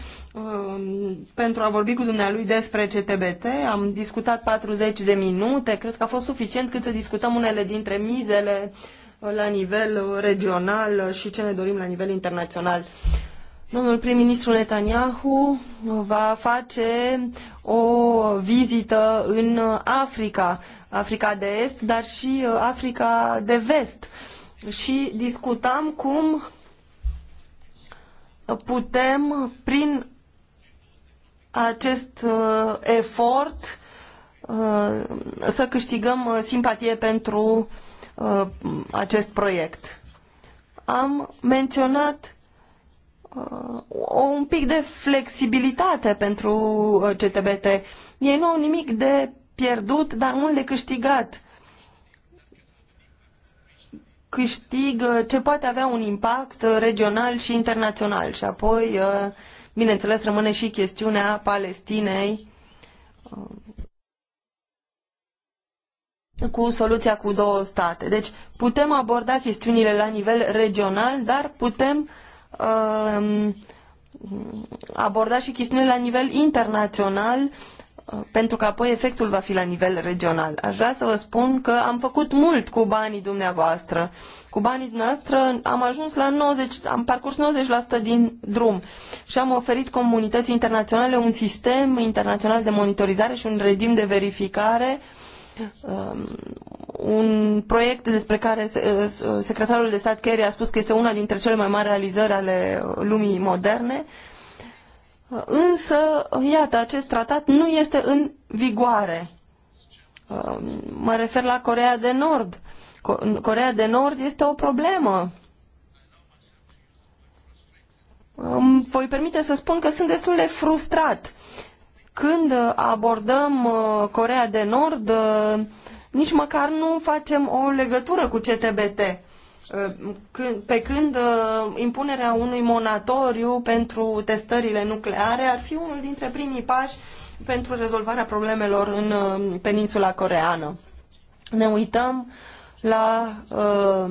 pentru a vorbi cu dumnealui despre CTBT. Am discutat 40 de minute, cred că a fost suficient cât să discutăm unele dintre mizele la nivel regional și ce ne dorim la nivel internațional. Domnul prim-ministru Netanyahu va face o vizită în Africa, Africa de Est, dar și uh, Africa de Vest. Și discutam cum putem, prin acest uh, efort, uh, să câștigăm simpatie pentru acest proiect. Am menționat Uh, un pic de flexibilitate pentru uh, CTBT. Ei nu au nimic de pierdut, dar mult de câștigat. Câștigă ce poate avea un impact regional și internațional. Și apoi, uh, bineînțeles, rămâne și chestiunea Palestinei cu soluția cu două state. Deci putem aborda chestiunile la nivel regional, dar putem uh, Um, aborda și chestiunile la nivel internațional uh, pentru că apoi efectul va fi la nivel regional. Aș vrea să vă spun că am făcut mult cu banii dumneavoastră. Cu banii dumneavoastră am ajuns la 90, am parcurs 90% din drum și am oferit comunității internaționale un sistem internațional de monitorizare și un regim de verificare uh, Um, un proiect despre care uh, uh, secretarul de stat Kerry a spus că este una dintre cele mai mari realizări ale lumii moderne. Uh, însă, iată, acest tratat nu este în vigoare. Um, mă refer la Corea de Nord. Corea de Nord este o problemă. Îmi voi permite să spun că sunt destul de frustrat când uh, abordăm uh, Corea de Nord, uh, nici măcar nu facem o legătură cu CTBT. Pe când impunerea unui monatoriu pentru testările nucleare ar fi unul dintre primii pași pentru rezolvarea problemelor în peninsula coreeană. Ne uităm la uh,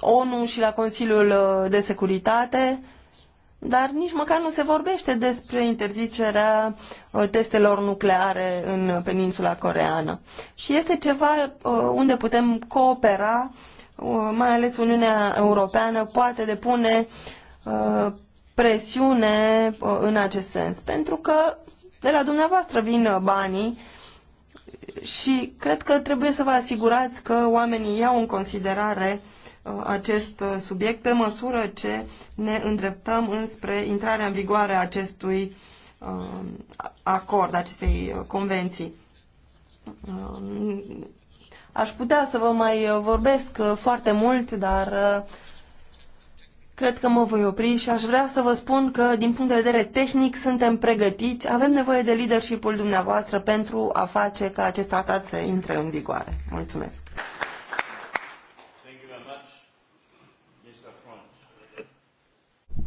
ONU și la Consiliul de Securitate uh, dar nici măcar nu se vorbește despre interzicerea uh, testelor nucleare în peninsula coreană. Și este ceva uh, unde putem coopera, uh, mai ales Uniunea Europeană poate depune presiune în acest sens, pentru că de la dumneavoastră vin banii și cred că trebuie să vă asigurați că oamenii iau în considerare uh, acest uh, subiect pe măsură ce ne îndreptăm înspre intrarea în vigoare a acestui um, acord, acestei uh, convenții. Um, aș putea să vă mai uh, vorbesc foarte mult, dar cred că mă voi opri și aș vrea să vă spun că, din punct de vedere tehnic, suntem pregătiți, avem nevoie de leadership-ul dumneavoastră pentru a face ca acest tratat să intre în vigoare. Mulțumesc!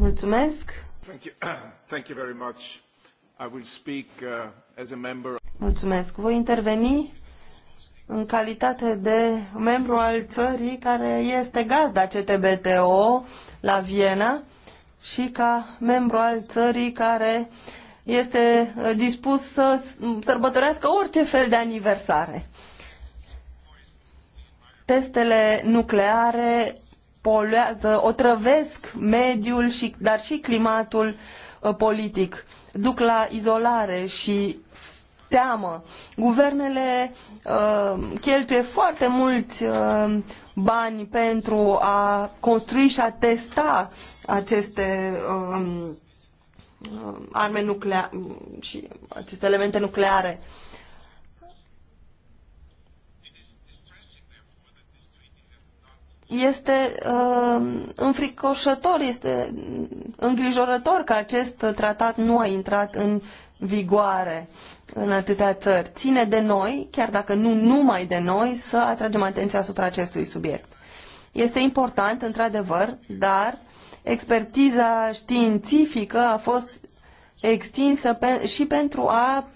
Mulțumesc. Thank you. [clears throat] Thank you very much. I will speak uh, as a member. Mulțumesc. Voi interveni în calitate de membru al țării care este gazda CTBTO la Viena și ca membru al țării care este uh, dispus să sărbătorească orice fel de aniversare. Testele nucleare poluează, otrăvesc mediul, și, dar și climatul uh, politic. Duc la izolare și teamă. Guvernele uh, cheltuie foarte mulți uh, bani pentru a construi și a testa aceste um, uh, arme nucleare și aceste elemente nucleare. Uh, este uh, înfricoșător, este îngrijorător că acest tratat nu a intrat în vigoare în atâtea țări. Ține de noi, chiar dacă nu numai de noi, să atragem atenția asupra acestui subiect. Este important, într-adevăr, dar expertiza științifică a fost extinsă pe, și pentru a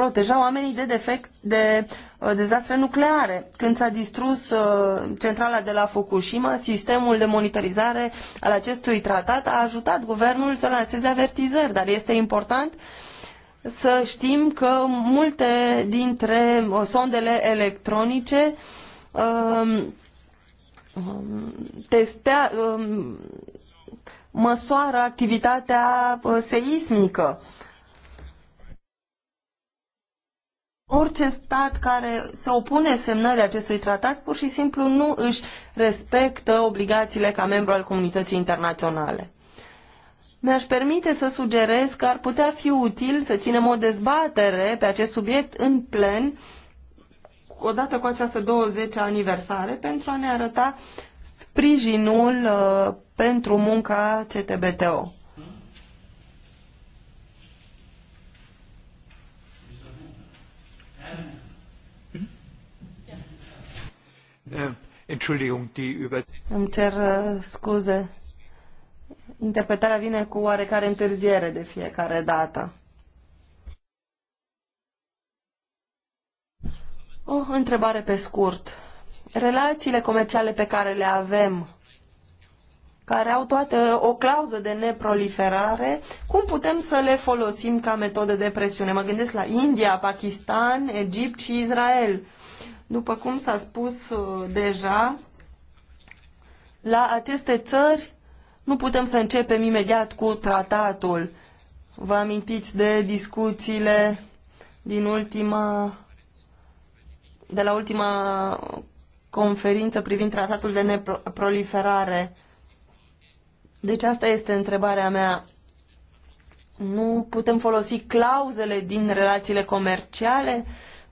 proteja oamenii de defect de uh, dezastre nucleare. Când s-a distrus uh, centrala de la Fukushima, sistemul de monitorizare al acestui tratat a ajutat guvernul să lanseze avertizări, dar este important să știm că multe dintre uh, sondele electronice uh, testea, um, măsoară activitatea uh, seismică Orice stat care se opune semnării acestui tratat pur și simplu nu își respectă obligațiile ca membru al comunității internaționale. Mi-aș permite să sugerez că ar putea fi util să ținem o dezbatere pe acest subiect în plen odată cu această 20 -a aniversare pentru a ne arăta sprijinul uh, pentru munca CTBTO. Äh, Îmi cer uh, scuze. Interpretarea vine cu oarecare întârziere de fiecare dată. O întrebare pe scurt. Relațiile comerciale pe care le avem, care au toate o clauză de neproliferare, cum putem să le folosim ca metodă de presiune? Mă gândesc la India, Pakistan, Egipt și Israel după cum s-a spus uh, deja, la aceste țări nu putem să începem imediat cu tratatul. Vă amintiți de discuțiile din ultima, de la ultima conferință privind tratatul de neproliferare. Deci asta este întrebarea mea. Nu putem folosi clauzele din relațiile comerciale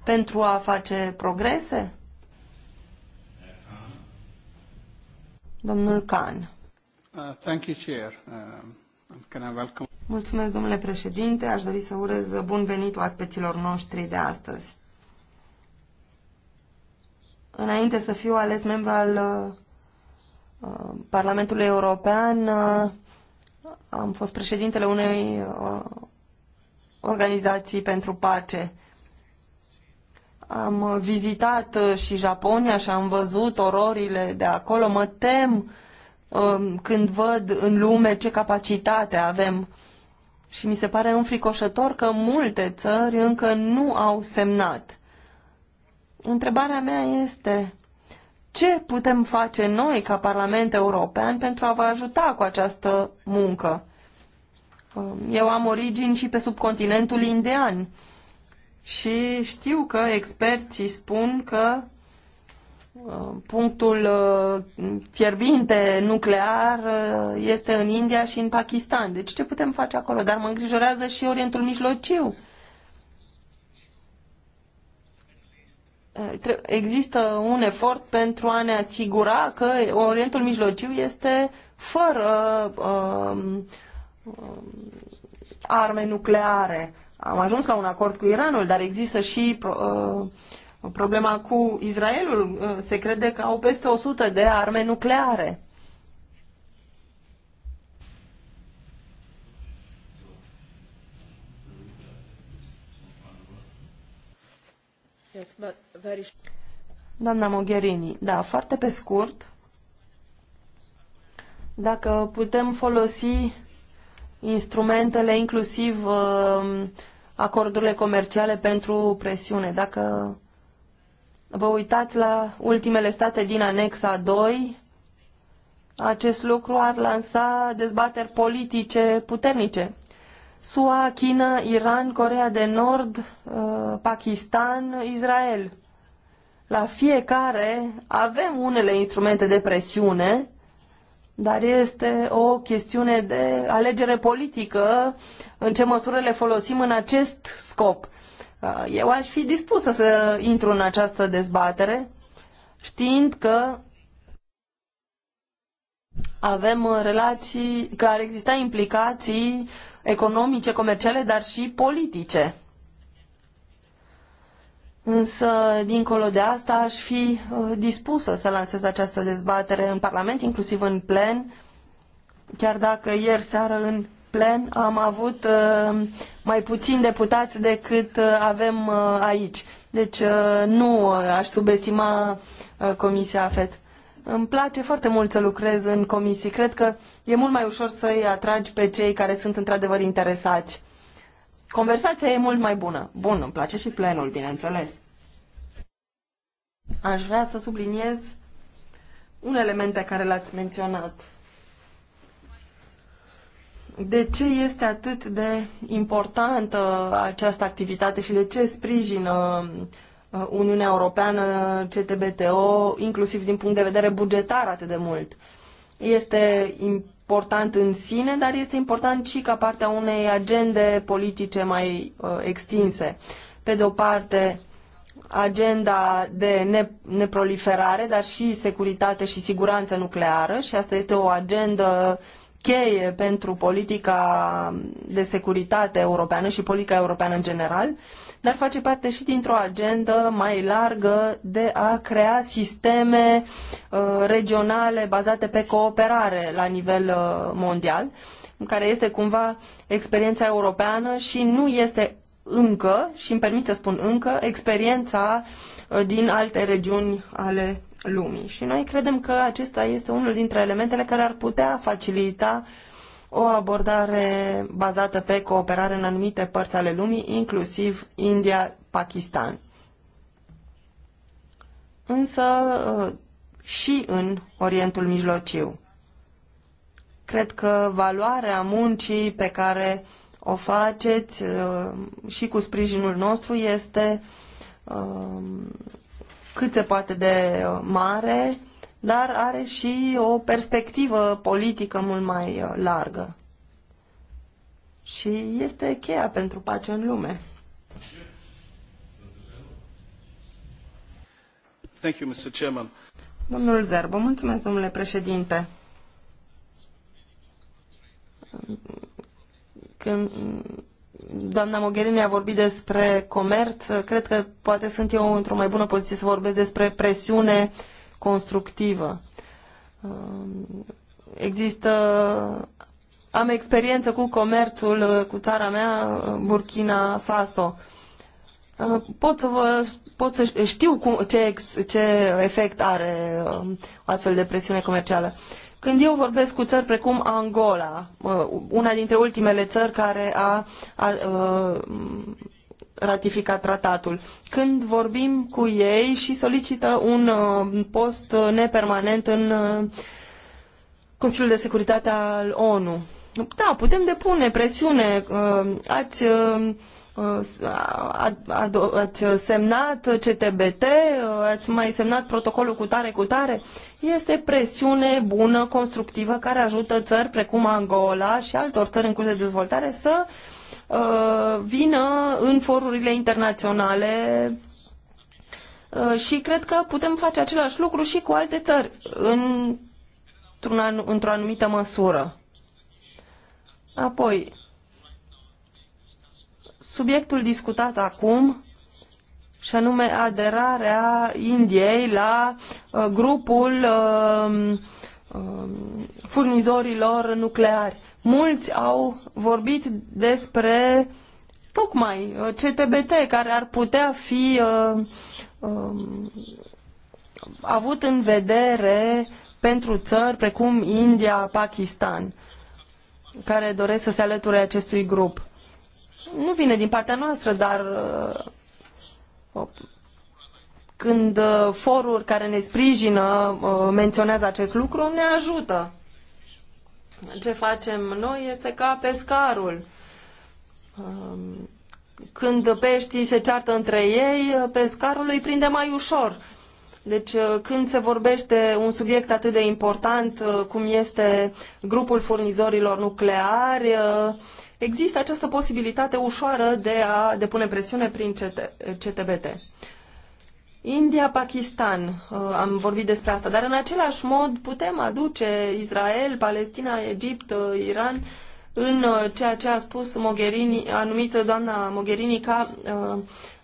pentru a face progrese? Domnul Khan. Uh, thank you, Chair. Uh, can I welcome... Mulțumesc, domnule președinte. Aș dori să urez bun venit oaspeților noștri de astăzi. Înainte să fiu ales membru al uh, Parlamentului European, uh, am fost președintele unei uh, organizații pentru pace am vizitat uh, și Japonia și am văzut ororile de acolo. Mă tem um, când văd în lume ce capacitate avem. Și mi se pare înfricoșător că multe țări încă nu au semnat. Întrebarea mea este ce putem face noi ca Parlament European pentru a vă ajuta cu această muncă? Um, eu am origini și pe subcontinentul indian și știu că experții spun că uh, punctul uh, fierbinte nuclear uh, este în India și în Pakistan. Deci ce putem face acolo? Dar mă îngrijorează și Orientul Mijlociu. Există un efort pentru a ne asigura că Orientul Mijlociu este fără uh, um, arme nucleare am ajuns la un acord cu Iranul, dar există și pro, uh, problema cu Israelul. Uh, se crede că au peste 100 de arme nucleare. Doamna Mogherini, da, foarte pe scurt, dacă putem folosi instrumentele, inclusiv uh, acordurile comerciale pentru presiune. Dacă vă uitați la ultimele state din anexa 2, acest lucru ar lansa dezbateri politice puternice. SUA, China, Iran, Corea de Nord, uh, Pakistan, Israel. La fiecare avem unele instrumente de presiune dar este o chestiune de alegere politică în ce măsură le folosim în acest scop. Uh, eu aș fi dispusă să intru în această dezbatere știind că avem relații, că ar exista implicații economice, comerciale, dar și politice însă, dincolo de asta, aș fi uh, dispusă să lansez această dezbatere în Parlament, inclusiv în plen, chiar dacă ieri seară în plen am avut uh, mai puțin deputați decât uh, avem aici. Deci nu aș subestima Comisia AFET. Îmi place foarte mult să lucrez în comisii. Cred că e mult mai ușor să-i atragi pe cei care sunt într-adevăr interesați. Conversația e mult mai bună. Bun, îmi place și plenul, bineînțeles. Aș vrea să subliniez un element pe care l-ați menționat. De ce este atât de importantă această activitate și de ce sprijină uh, Uniunea Europeană, CTBTO, inclusiv din punct de vedere bugetar atât de mult? Este important important în sine, dar este important și ca partea unei agende politice mai uh, extinse. Pe de o parte, agenda de ne neproliferare, dar și securitate și siguranță nucleară și asta este o agendă cheie pentru politica de securitate europeană și politica europeană în general. Uh, dar face parte și dintr-o agendă mai largă de a crea sisteme uh, regionale bazate pe cooperare la nivel uh, mondial, mondial, care este cumva experiența europeană și nu este încă, și îmi permit să spun încă, experiența uh, din alte regiuni ale lumii. Și noi credem că acesta este unul dintre elementele care ar putea facilita uh, o abordare bazată pe cooperare în anumite părți ale lumii, inclusiv India, Pakistan. Însă uh, și în Orientul Mijlociu. Cred că valoarea muncii pe care o faceți uh, și cu sprijinul nostru este uh, cât se poate de mare dar are și o perspectivă politică mult mai uh, largă. Și este cheia pentru pace în lume. Thank you, Mr. Chairman. Domnul Zerbă, mulțumesc, domnule președinte. Când doamna Mogherini a vorbit despre comerț, cred că poate sunt eu într-o mai bună poziție să vorbesc despre presiune uh, constructivă. Uh, există... Am experiență cu comerțul uh, cu țara mea, uh, Burkina Faso. Pot să vă pot să știu cum, ce, ex, ce efect are astfel de presiune comercială. Când eu vorbesc cu țări precum Angola, una dintre ultimele țări care a, a, a ratificat tratatul. Când vorbim cu ei și solicită un uh, post nepermanent în uh, Consiliul de Securitate al ONU. Da, putem depune presiune. Uh, ați, ați semnat CTBT, ați mai semnat protocolul cu tare, cu tare. Este presiune bună, constructivă, care ajută țări precum Angola și altor țări în curs de dezvoltare să uh, Uh, vină în forurile internaționale uh, și cred că putem face același lucru și cu alte țări într-un, într-o anumită măsură. Apoi, subiectul discutat acum și anume aderarea Indiei la uh, grupul furnizorilor nucleari. Mulți au vorbit despre tocmai uh, CTBT, care ar putea fi uh, uh, avut în vedere pentru țări precum India, Pakistan, care doresc să se alăture acestui grup. Nu vine din partea noastră, dar uh, când uh, foruri care ne sprijină uh, menționează acest lucru, ne ajută. Ce facem noi este ca pescarul. Um, când peștii se ceartă între ei, pescarul îi prinde mai ușor. Deci uh, când se vorbește un subiect atât de important uh, cum este grupul furnizorilor nucleari, uh, există această posibilitate ușoară de a depune presiune prin CTBT. India-Pakistan, uh, am vorbit despre asta, dar în același mod putem aduce Israel, Palestina, Egipt, uh, Iran în uh, ceea ce a spus Mogherini, anumită doamna Mogherini ca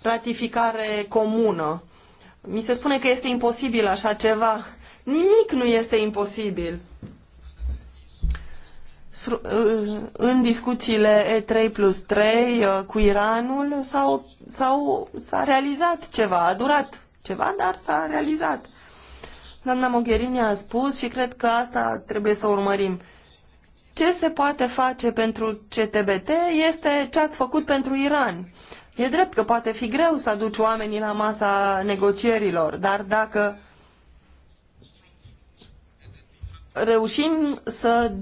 ratificare comună. Mi se spune că este imposibil așa ceva. Nimic nu este imposibil. În discuțiile E3 plus 3 cu Iranul s-a realizat ceva, a durat ceva, dar s-a realizat. Doamna Mogherini a spus și cred că asta trebuie să urmărim. Ce se poate face pentru CTBT este ce ați făcut pentru Iran. E drept că poate fi greu să aduci oamenii la masa negocierilor, dar dacă reușim să,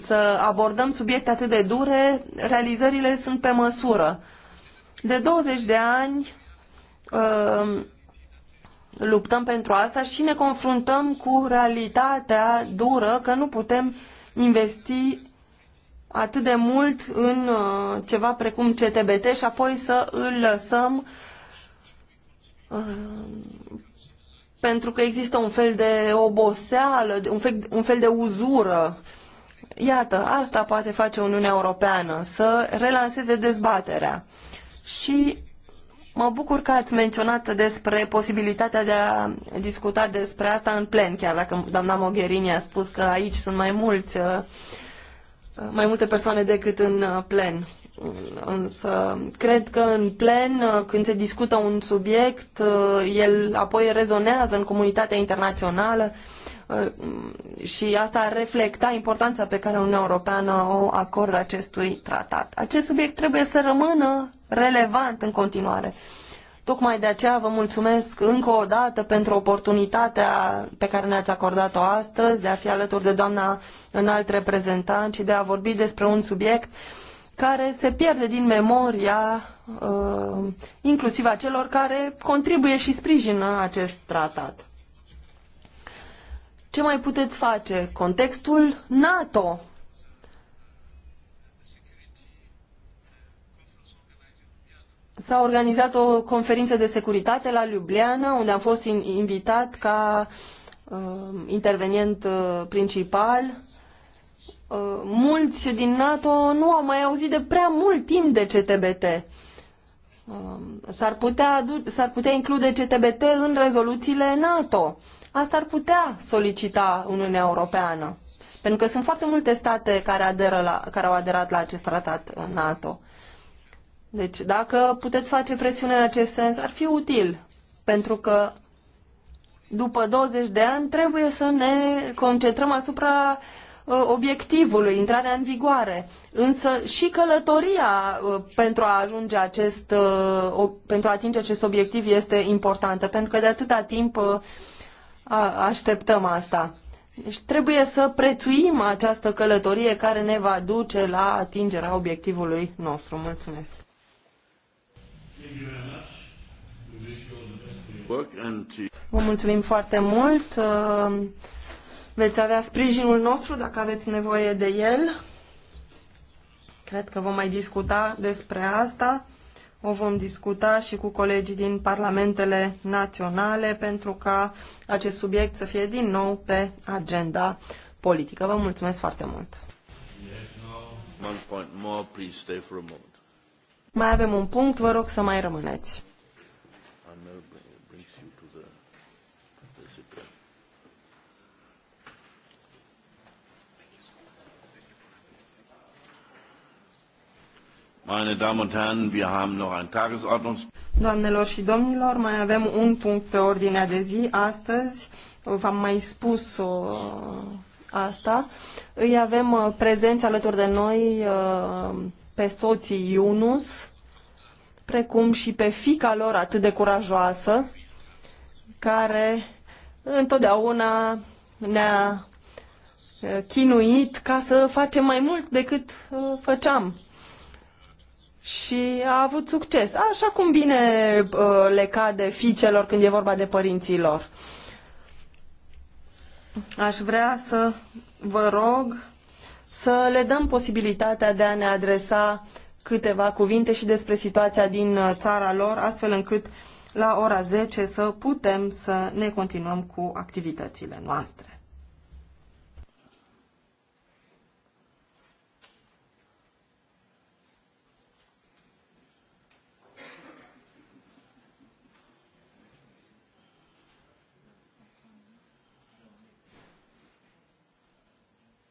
să abordăm subiecte atât de dure, realizările sunt pe măsură. De 20 de ani, ă, luptăm pentru asta și ne confruntăm cu realitatea dură că nu putem investi atât de mult în uh, ceva precum CTBT și apoi să îl lăsăm uh, pentru că există un fel de oboseală, un fel, un fel de uzură. Iată, asta poate face Uniunea Europeană, să relanseze dezbaterea. Și Mă bucur că ați menționat despre posibilitatea de a discuta despre asta în plen, chiar dacă doamna Mogherini a spus că aici sunt mai mulți, uh, mai multe persoane decât în uh, plen. Însă cred că în plen, uh, când se discută un subiect, el apoi rezonează în comunitatea internațională și asta reflecta importanța pe care Uniunea Europeană o acordă acestui tratat. Acest subiect trebuie să rămână relevant în continuare. Tocmai de aceea vă mulțumesc încă o dată pentru oportunitatea pe care ne-ați acordat-o astăzi de a fi alături de doamna înalt reprezentant și de a vorbi despre un subiect care se pierde din memoria uh, inclusiv a celor care contribuie și sprijină acest tratat. Ce mai puteți face? Contextul NATO. S-a organizat o conferință de securitate la Ljubljana, unde am fost invitat ca uh, intervenient uh, principal. Uh, mulți din NATO nu au mai auzit de prea mult timp de CTBT. Um, s-ar putea, s-ar putea include CTBT în rezoluțiile NATO. Asta ar putea solicita Uniunea Europeană. Pentru că sunt foarte multe state care, aderă la, care au aderat la acest tratat NATO. Deci, dacă puteți face presiune în acest sens, ar fi util. Pentru că după 20 de ani trebuie să ne concentrăm asupra Uh, obiectivului, intrarea în vigoare, însă și călătoria uh, pentru a ajunge acest, uh, pentru a atinge acest obiectiv este importantă, pentru că de atâta timp așteptăm asta. Deci trebuie să prețuim această călătorie care ne va duce la atingerea obiectivului nostru. Mulțumesc! Vă mulțumim foarte mult! Veți avea sprijinul nostru dacă aveți nevoie de el. Cred că vom mai discuta despre asta. O vom discuta și cu colegii din parlamentele naționale pentru ca acest subiect să fie din nou pe agenda politică. Vă mulțumesc foarte mult! Mai avem un punct, vă rog să mai rămâneți. Doamnelor și domnilor, mai avem un punct pe ordinea de zi astăzi. V-am mai spus o, uh, asta. Îi avem uh, prezenți alături de noi uh, pe soții Iunus, precum și pe fica lor atât de curajoasă, care întotdeauna ne-a chinuit ca să facem mai mult decât făceam și a avut succes, așa cum bine uh, le cade fiicelor când e vorba de părinții lor. Aș vrea să vă rog să le dăm posibilitatea de a ne adresa câteva cuvinte și despre situația din uh, țara lor, astfel încât la ora 10 să putem să ne continuăm cu activitățile noastre.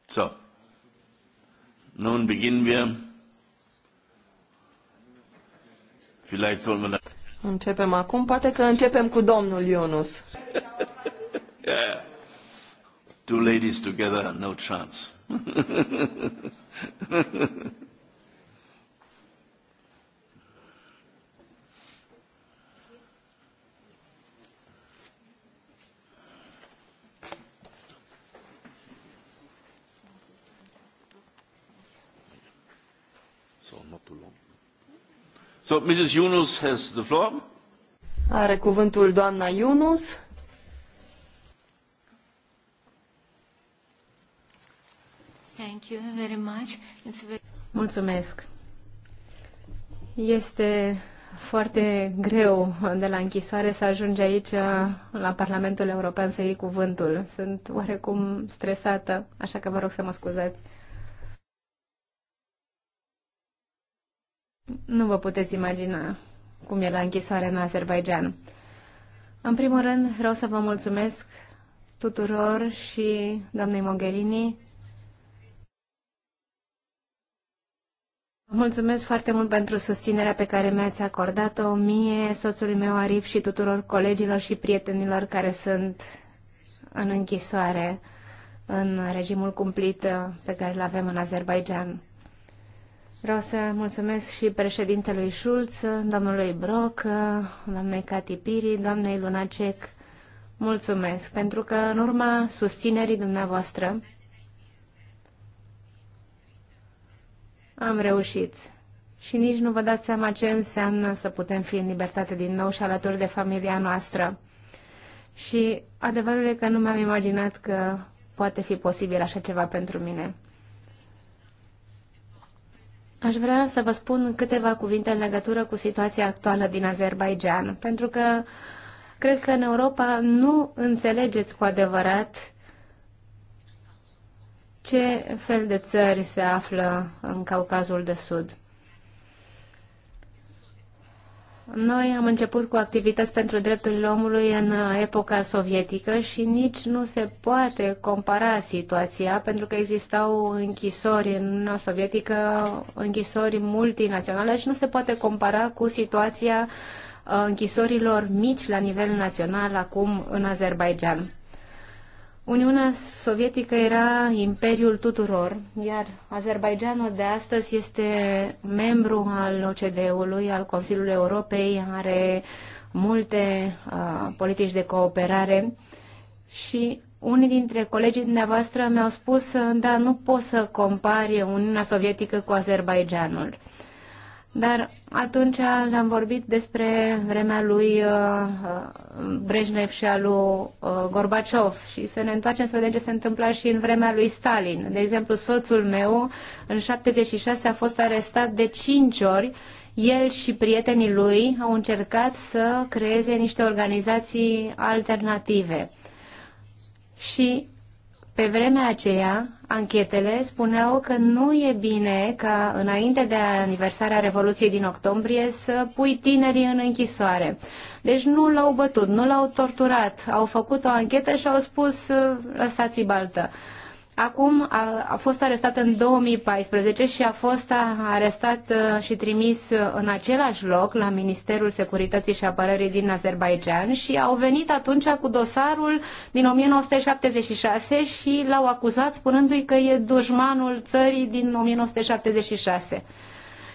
So, nun beginnen wir. Vielleicht sollen wir da- Începem acum, poate că începem cu domnul Ionus. [laughs] yeah. Two ladies together, no chance. [laughs] So, Mrs. Yunus has the floor. Are cuvântul doamna Yunus. Thank you very much. It's very... Mulțumesc. Este foarte greu de la închisoare să ajungi aici la Parlamentul European să iei cuvântul. Sunt oarecum stresată, așa că vă rog să mă scuzați. Nu vă puteți imagina cum e la închisoare în Azerbaijan. În primul rând, vreau să vă mulțumesc tuturor și doamnei Mogherini. Mulțumesc foarte mult pentru susținerea pe care mi-ați acordat-o mie, soțului meu Arif și tuturor colegilor și prietenilor care sunt în închisoare în regimul cumplit pe care îl avem în Azerbaijan. Vreau să mulțumesc și președintelui Schulz, domnului Brock, doamnei Cati Piri, doamnei Lunacek. Mulțumesc, pentru că în urma susținerii dumneavoastră am reușit. Și nici nu vă dați seama ce înseamnă să putem fi în libertate din nou și alături de familia noastră. Și adevărul e că nu mi-am imaginat că poate fi posibil așa ceva pentru mine. Aș vrea să vă spun câteva cuvinte în legătură cu situația actuală din Azerbaijan, pentru că cred că în Europa nu înțelegeți cu adevărat ce fel de țări se află în Caucazul de Sud. Noi am început cu activități pentru drepturile omului în uh, epoca sovietică și nici nu se poate compara situația, pentru că existau închisori în Uniunea Sovietică, închisori multinaționale și nu se poate compara cu situația uh, închisorilor mici la nivel național acum în Azerbaijan. Uniunea Sovietică era imperiul tuturor, iar Azerbaijanul de astăzi este membru al OCDE-ului, al Consiliului Europei, are multe uh, politici de cooperare și unii dintre colegii dumneavoastră mi-au spus, da, nu poți să compari Uniunea Sovietică cu Azerbaijanul. Uh, dar atunci le-am vorbit despre vremea lui uh, Brejnev și a lui uh, Gorbaciov și să ne întoarcem să vedem ce se întâmpla și în vremea lui Stalin. De exemplu, soțul meu în 76 a fost arestat de 5 ori el și prietenii lui au încercat să creeze niște organizații alternative. Și pe vremea aceea, anchetele spuneau că nu e bine ca înainte de aniversarea Revoluției din octombrie să pui tinerii în închisoare. Deci nu l-au bătut, nu l-au torturat, au făcut o anchetă și au spus lăsați-i baltă. Acum a, a fost arestat în 2014 și a fost arestat și trimis în același loc la Ministerul Securității și Apărării din Azerbaijan și au venit atunci cu dosarul din 1976 și l-au acuzat spunându-i că e dușmanul țării din 1976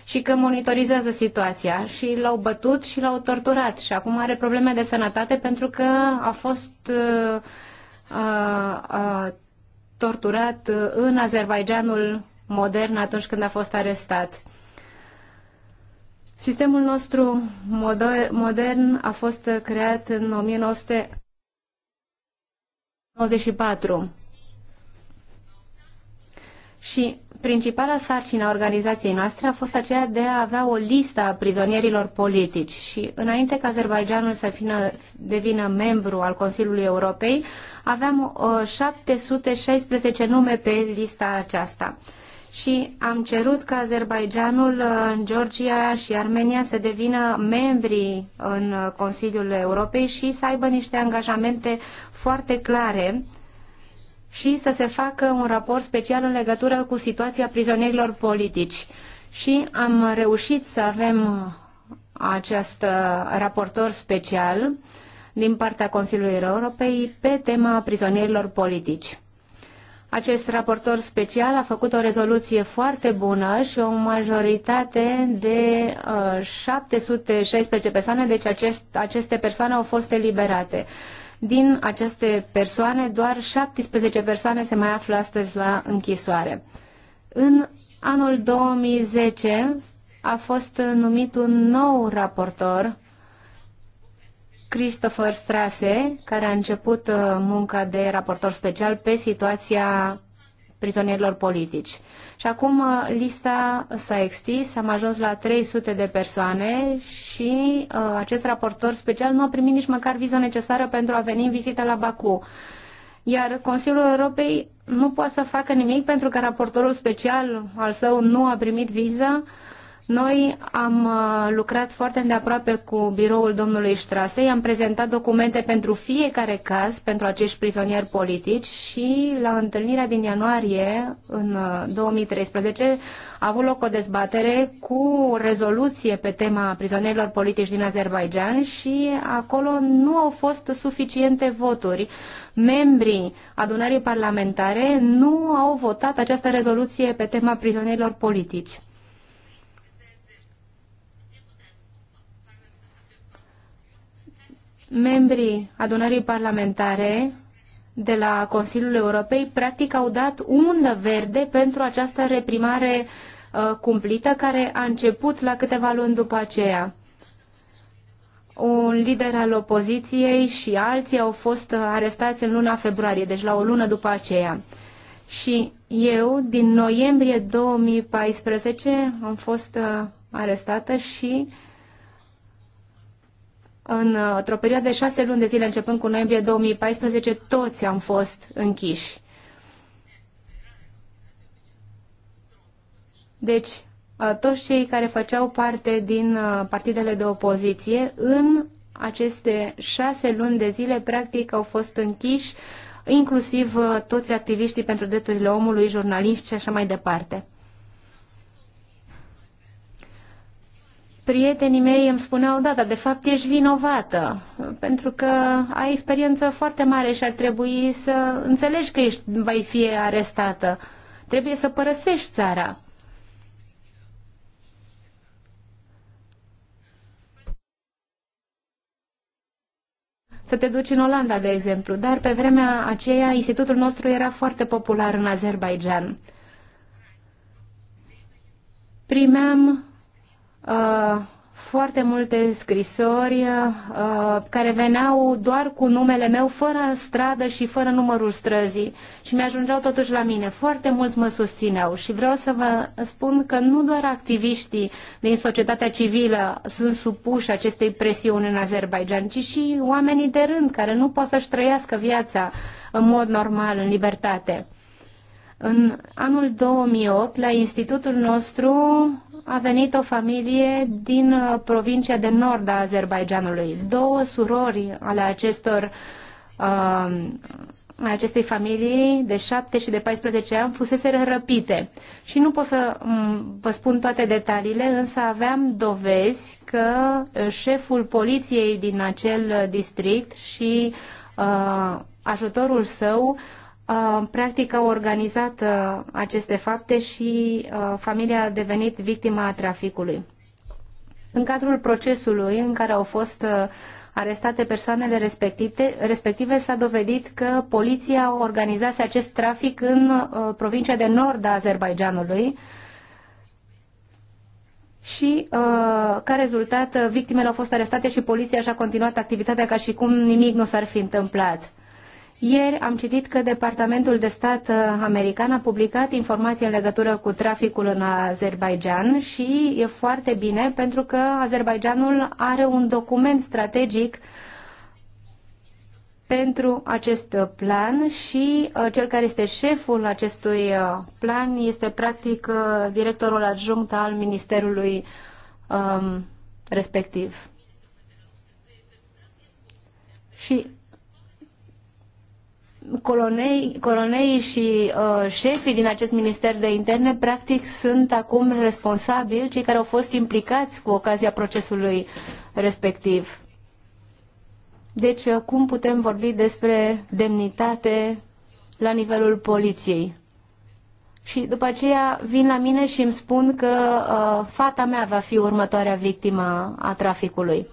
și că monitorizează situația și l-au bătut și l-au torturat și acum are probleme de sănătate pentru că a fost uh, uh, torturat uh, în Azerbaidjanul modern atunci când a fost arestat. Sistemul nostru modern a fost creat în 1994 și Principala sarcină a organizației noastre a fost aceea de a avea o listă a prizonierilor politici și înainte ca Azerbaijanul să fină, devină membru al Consiliului Europei, aveam uh, 716 nume pe lista aceasta. Și am cerut ca Azerbaijanul, uh, Georgia și Armenia să devină membri în uh, Consiliul Europei și să aibă niște angajamente foarte clare și să se facă un raport special în legătură cu situația prizonierilor politici. Și am reușit să avem acest raportor special din partea Consiliului Europei pe tema prizonierilor politici. Acest raportor special a făcut o rezoluție foarte bună și o majoritate de uh, 716 persoane, deci acest, aceste persoane au fost eliberate. Uh, din aceste persoane, doar 17 persoane se mai află astăzi la închisoare. În anul 2010 a fost numit un nou raportor, Christopher Strase, care a început uh, munca de raportor special pe situația prizonierilor politici. Și acum uh, lista s-a extins, am ajuns la 300 de persoane și uh, acest raportor special nu a primit nici măcar viza necesară pentru a veni în vizită la Baku. Iar Consiliul Europei nu poate să facă nimic pentru că raportorul special al său nu a primit viză. Uh, noi am uh, lucrat foarte îndeaproape cu biroul domnului Strase, i-am prezentat documente pentru fiecare caz, pentru acești prizonieri politici și la întâlnirea din ianuarie în 2013 uh, a avut loc o dezbatere cu rezoluție pe tema prizonierilor politici din Azerbaijan și acolo nu au fost suficiente voturi. Membrii adunării parlamentare nu au votat această rezoluție pe tema prizonierilor politici. membrii adunării parlamentare de la Consiliul Europei practic au dat undă verde pentru această reprimare uh, cumplită care a început la câteva luni după aceea. Un lider al opoziției și alții au fost uh, arestați în luna februarie, deci la o lună după aceea. Și eu, din noiembrie 2014, am fost uh, arestată și uh, într-o perioadă de șase luni de zile, începând cu noiembrie 2014, toți am fost închiși. Deci, uh, toți cei care făceau parte din uh, partidele de opoziție, în aceste șase luni de zile, practic, au fost închiși, inclusiv uh, toți activiștii pentru drepturile omului, jurnaliști și așa mai departe. prietenii mei îmi spuneau, da, dar de fapt ești vinovată, pentru că ai experiență foarte mare și ar trebui să înțelegi că ești, vei fi arestată. Trebuie să părăsești țara. Să te duci în Olanda, de exemplu, dar pe vremea aceea institutul nostru era foarte popular în Azerbaijan. Primeam Uh, foarte multe scrisori uh, care veneau doar cu numele meu, fără stradă și fără numărul străzii și mi-ajungeau totuși la mine. Foarte mulți mă susțineau și vreau să vă spun că nu doar activiștii din societatea civilă sunt supuși acestei presiuni în Azerbaijan, ci și oamenii de rând care nu pot să-și trăiască viața în mod normal, în libertate. În anul 2008, la institutul nostru, a venit o familie din uh, provincia de nord a Azerbaijanului. Două surori ale acestor a uh, acestei familii de 7 și de 14 ani fusese răpite. Și nu pot să mm, vă spun toate detaliile, însă aveam dovezi că uh, șeful poliției din acel district și uh, ajutorul său uh, Uh, practic au organizat uh, aceste fapte și uh, familia a devenit victima a traficului. În cadrul procesului în care au fost arestate persoanele respective, respective s-a dovedit că poliția organizase acest trafic în provincia de nord a Azerbaijanului și ca rezultat victimele au fost arestate și poliția și-a continuat activitatea ca și cum nimic nu s-ar fi întâmplat. Ieri am citit că Departamentul de Stat uh, american a publicat informații în legătură cu traficul în Azerbaijan și e foarte bine pentru că Azerbaijanul are un document strategic pentru acest uh, plan și uh, cel care este șeful acestui plan este practic directorul adjunct al ministerului um, respectiv. Și coloneii, colonei și uh, șefii din acest minister de interne practic sunt acum responsabili, cei care au fost implicați cu ocazia procesului respectiv. Deci uh, cum putem vorbi despre demnitate la nivelul poliției? Și după aceea vin la mine și îmi spun că uh, fata mea va fi următoarea victimă a traficului.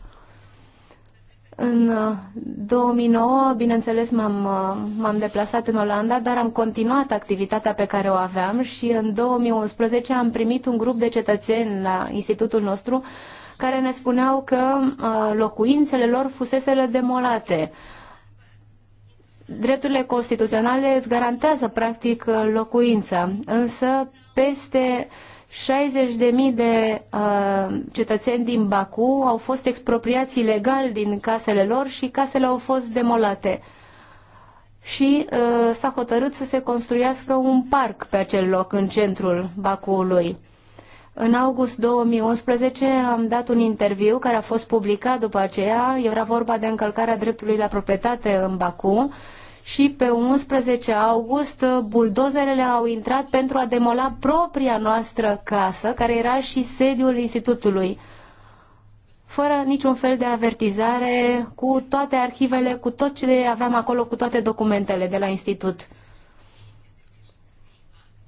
În 2009, uh, bineînțeles, m-am, uh, m-am deplasat în Olanda, dar am continuat activitatea pe care o aveam și în 2011 am primit un grup de cetățeni la institutul nostru care ne spuneau că uh, locuințele lor fuseseră demolate. Drepturile constituționale îți garantează, practic, locuința, însă peste 60.000 de uh, cetățeni din Baku au fost expropriați ilegal din casele lor și casele au fost demolate. Și uh, s-a hotărât să se construiască un parc pe acel loc, în centrul Bakuului. În august 2011 am dat un interviu care a fost publicat după aceea. Era vorba de încălcarea dreptului la proprietate în Baku și pe 11 august buldozerele au intrat pentru a demola propria noastră casă, care era și sediul institutului fără niciun fel de avertizare, cu toate arhivele, cu tot ce aveam acolo, cu toate documentele de la institut.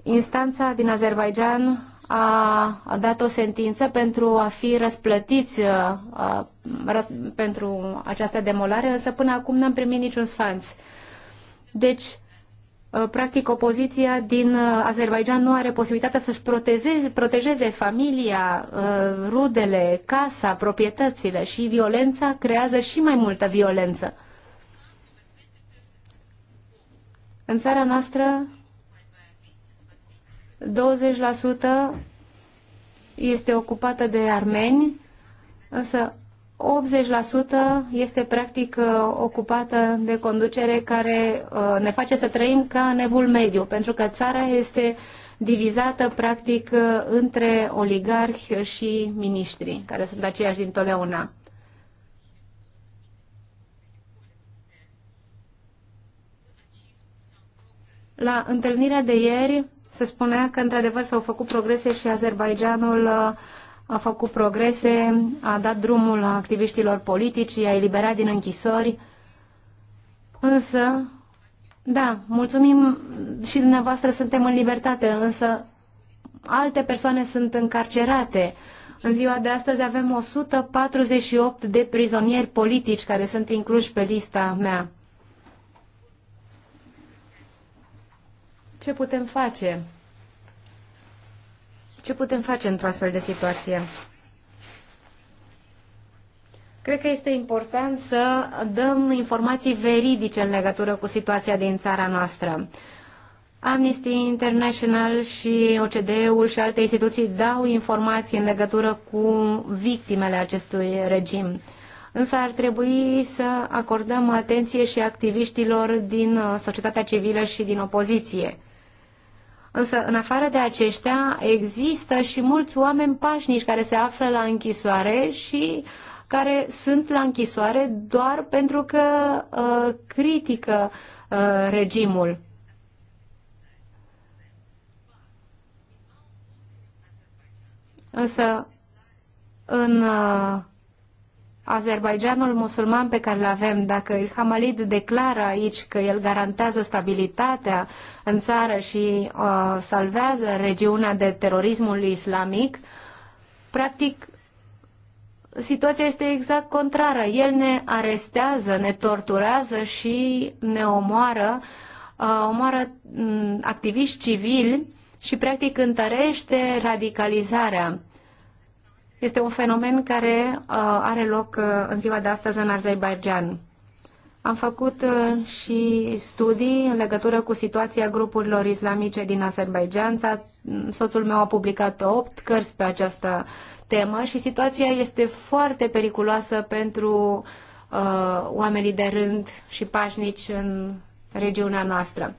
Instanța din Azerbaijan a, dat o sentință pentru a fi răsplătiți a, răs, pentru această demolare, însă până acum n-am primit niciun sfanț. Deci, uh, practic, opoziția din uh, Azerbaijan nu are posibilitatea să-și protejeze, protejeze familia, uh, rudele, casa, proprietățile și violența creează și mai multă violență. În țara noastră, 20% este ocupată de armeni, însă 80% este practic uh, ocupată de conducere care uh, ne face să trăim ca nevul mediu, pentru că țara este divizată practic uh, între oligarhi și miniștri, care sunt aceiași dintotdeauna. La întâlnirea de ieri se spunea că într-adevăr s-au făcut progrese și Azerbaijanul uh, a făcut progrese, a dat drumul activiștilor politici, i-a eliberat din închisori. Însă, da, mulțumim și dumneavoastră suntem în libertate, însă alte persoane sunt încarcerate. În ziua de astăzi avem 148 de prizonieri politici care sunt incluși pe lista mea. Ce putem face? Ce putem face într-o astfel de situație? Cred că este important să dăm informații veridice în legătură cu situația din țara noastră. Amnesty International și OCDE-ul și alte instituții dau informații în legătură cu victimele acestui regim. Însă ar trebui să acordăm atenție și activiștilor din uh, societatea civilă și din opoziție. Însă, în afară de aceștia, există și mulți oameni pașnici care se află la închisoare și care sunt la închisoare doar pentru că uh, critică uh, regimul. Însă, în uh, Azerbaidjanul musulman pe care îl avem, dacă Ilham Alid declară aici că el garantează stabilitatea în țară și uh, salvează regiunea de terorismul islamic, practic situația este exact contrară. El ne arestează, ne torturează și ne omoară, uh, omoară mm, activiști civili și practic întărește radicalizarea este un fenomen care uh, are loc uh, în ziua de astăzi în Azerbaijan. Am făcut uh, și studii în legătură cu situația grupurilor islamice din Azerbaijan. Mm, soțul meu a publicat opt cărți pe această temă și situația este foarte periculoasă pentru uh, oamenii de rând și pașnici în regiunea noastră.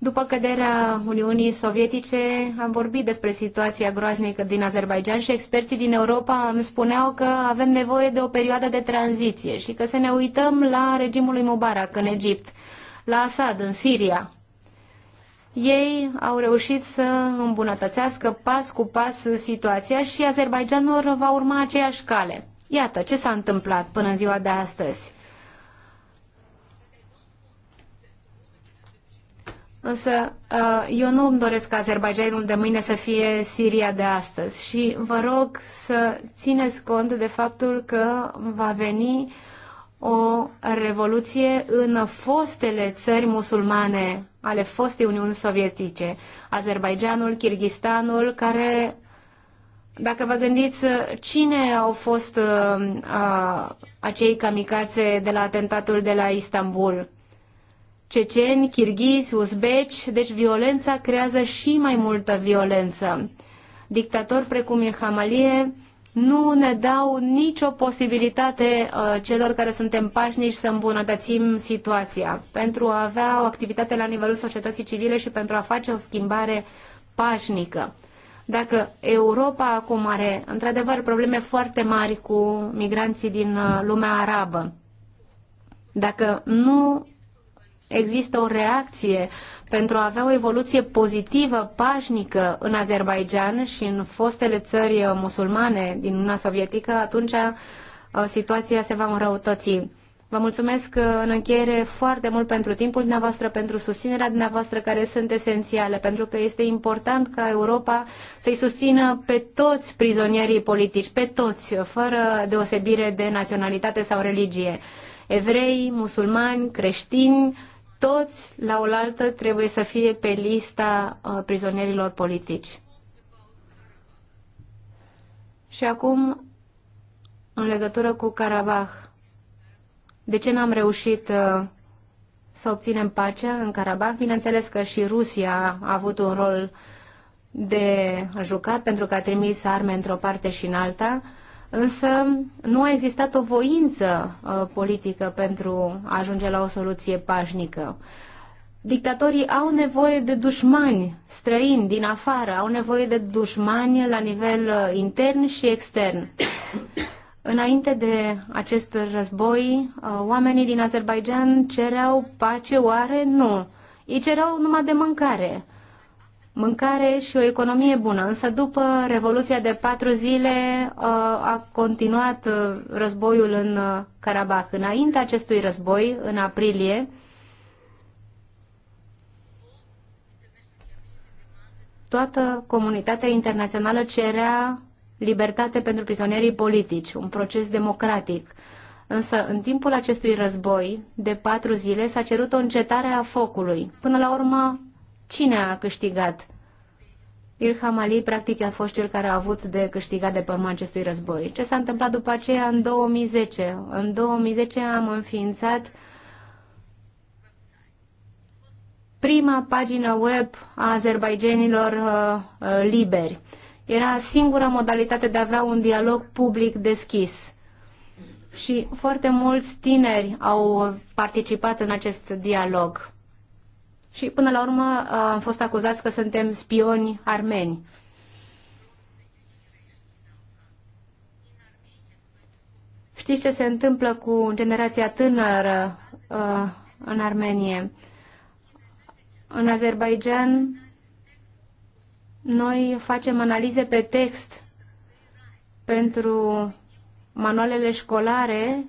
După căderea Uniunii Sovietice, am vorbit despre situația groaznică din Azerbaijan și experții din Europa îmi spuneau că avem nevoie de o perioadă de tranziție și că să ne uităm la regimul lui Mubarak în Egipt, la Assad în Siria. Ei au reușit să îmbunătățească pas cu pas situația și Azerbaijanul va urma aceeași cale. Iată ce s-a întâmplat până în ziua de astăzi. Însă uh, eu nu îmi doresc ca Azerbaijanul de mâine să fie Siria de astăzi și vă rog să țineți cont de faptul că va veni o revoluție în fostele țări musulmane ale fostei Uniuni Sovietice, Azerbaijanul, Kirghistanul, care, dacă vă gândiți, cine au fost uh, uh acei camicațe de la atentatul de la Istanbul, ceceni, chirghizi, uzbeci, deci violența creează și mai multă violență. Dictatori precum Ilham Aliyev nu ne dau nicio posibilitate uh, celor care suntem pașnici să îmbunătățim situația. Pentru a avea o activitate la nivelul societății civile și pentru a face o schimbare pașnică. Dacă Europa acum are într-adevăr probleme foarte mari cu migranții din uh, lumea arabă, dacă nu există o reacție pentru a avea o evoluție pozitivă, pașnică în Azerbaijan și în fostele țări musulmane din Uniunea Sovietică, atunci uh, situația se va înrăutăți. Vă mulțumesc în încheiere foarte mult pentru timpul dumneavoastră, pentru susținerea dumneavoastră care sunt esențiale, pentru că este important ca Europa să-i susțină pe toți prizonierii politici, pe toți, fără deosebire de naționalitate sau religie. Evrei, musulmani, creștini, toți la oaltă trebuie să fie pe lista uh, prizonierilor politici. Și acum, în legătură cu Karabakh, de ce n-am reușit uh, să obținem pacea în Karabakh? Bineînțeles că și Rusia a avut un rol de jucat pentru că a trimis arme într-o parte și în alta, Însă nu a existat o voință uh, politică pentru a ajunge la o soluție pașnică. Dictatorii au nevoie de dușmani străini din afară, au nevoie de dușmani la nivel uh, intern și extern. [coughs] Înainte de acest război, uh, oamenii din Azerbaijan cereau pace, oare nu? Ei cereau numai de mâncare mâncare și o economie bună. Însă după Revoluția de patru zile uh, a continuat uh, războiul în uh, Karabakh. Înainte acestui război, în aprilie, toată comunitatea internațională cerea libertate pentru prizonierii politici, un proces democratic. Însă, în timpul acestui război de patru zile s-a cerut o încetare a focului. Până la urmă, Cine a câștigat? Ilham Ali practic a fost cel care a avut de câștigat de pe urma acestui război. Ce s-a întâmplat după aceea în 2010? În 2010 am înființat prima pagină web a azerbaijanilor uh, uh, liberi. Era singura modalitate de a avea un dialog public deschis. Și foarte mulți tineri au participat în acest dialog. Și până la urmă am fost acuzați că suntem spioni armeni. Știți ce se întâmplă cu generația tânără uh, în Armenie? În Azerbaijan noi facem analize pe text pentru manualele școlare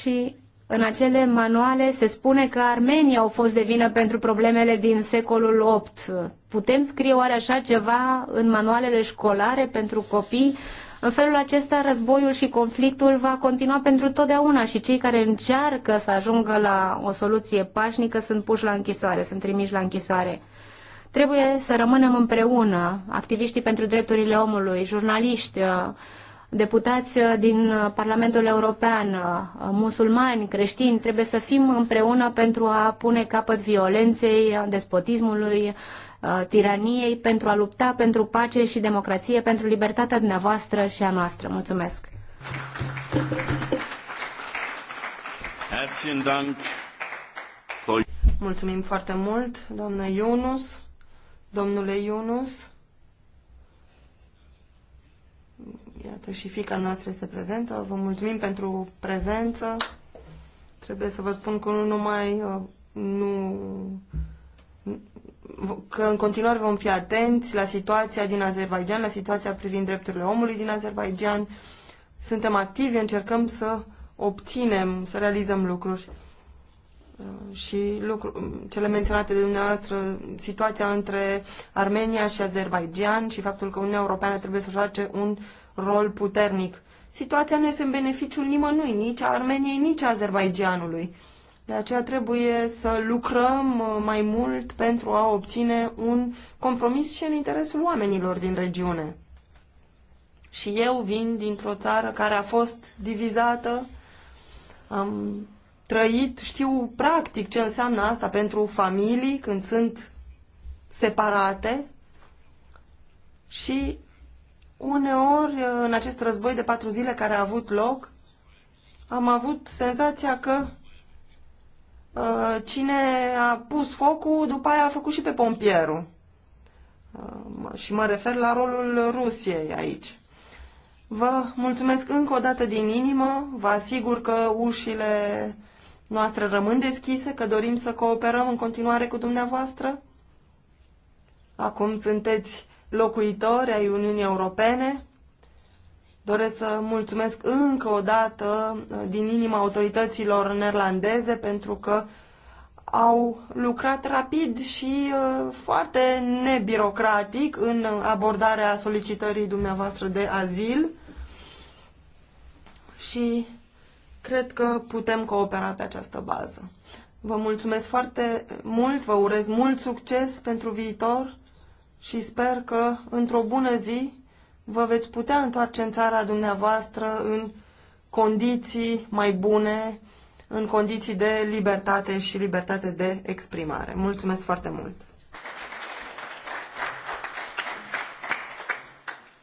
și în acele manuale se spune că armenii au fost de vină pentru problemele din secolul VIII. Putem scrie oare așa ceva în manualele școlare pentru copii? În felul acesta, războiul și conflictul va continua pentru totdeauna și cei care încearcă să ajungă la o soluție pașnică sunt puși la închisoare, sunt trimiși la închisoare. Trebuie să rămânem împreună, activiștii pentru drepturile omului, jurnaliști, deputați uh, din uh, Parlamentul European, uh, musulmani, creștini, trebuie să fim împreună pentru a pune capăt violenței, despotismului, tiraniei, pentru a lupta pentru pace și democrație, pentru libertatea dumneavoastră și a noastră. Mulțumesc! Mulțumim foarte mult, doamnă Yunus, domnule Yunus. Iată, și fica noastră este prezentă. Vă mulțumim pentru prezență. Trebuie să vă spun că nu numai uh, nu că în continuare vom fi atenți la situația din Azerbaijan, la situația privind drepturile omului din Azerbaijan. Suntem activi, încercăm să obținem, să realizăm lucruri. Uh, și lucru, cele menționate de dumneavoastră, situația între Armenia și Azerbaijan și faptul că Uniunea Europeană trebuie să joace un rol puternic. Situația nu este în beneficiul nimănui, nici a Armeniei, nici a Azerbaijanului. De aceea trebuie să lucrăm uh, mai mult pentru a obține un compromis și în interesul oamenilor din regiune. Și eu vin dintr-o țară care a fost divizată, am trăit, știu practic ce înseamnă asta pentru familii când sunt separate și uneori în acest război de patru zile care a avut loc, am avut senzația că uh, cine a pus focul, după aia a făcut și pe pompierul. Uh, și mă refer la rolul Rusiei aici. Vă mulțumesc încă o dată din inimă, vă asigur că ușile noastre rămân deschise, că dorim să cooperăm în continuare cu dumneavoastră. Acum sunteți locuitori ai Uniunii Europene. Doresc să mulțumesc încă o dată uh, din inima autorităților neerlandeze pentru că au lucrat rapid și uh, foarte nebirocratic în abordarea solicitării dumneavoastră de azil și cred că putem coopera pe această bază. Vă mulțumesc foarte mult, vă urez mult succes pentru viitor și sper că într-o bună zi vă veți putea întoarce în țara dumneavoastră în condiții mai bune, în condiții de libertate și libertate de exprimare. Mulțumesc foarte mult!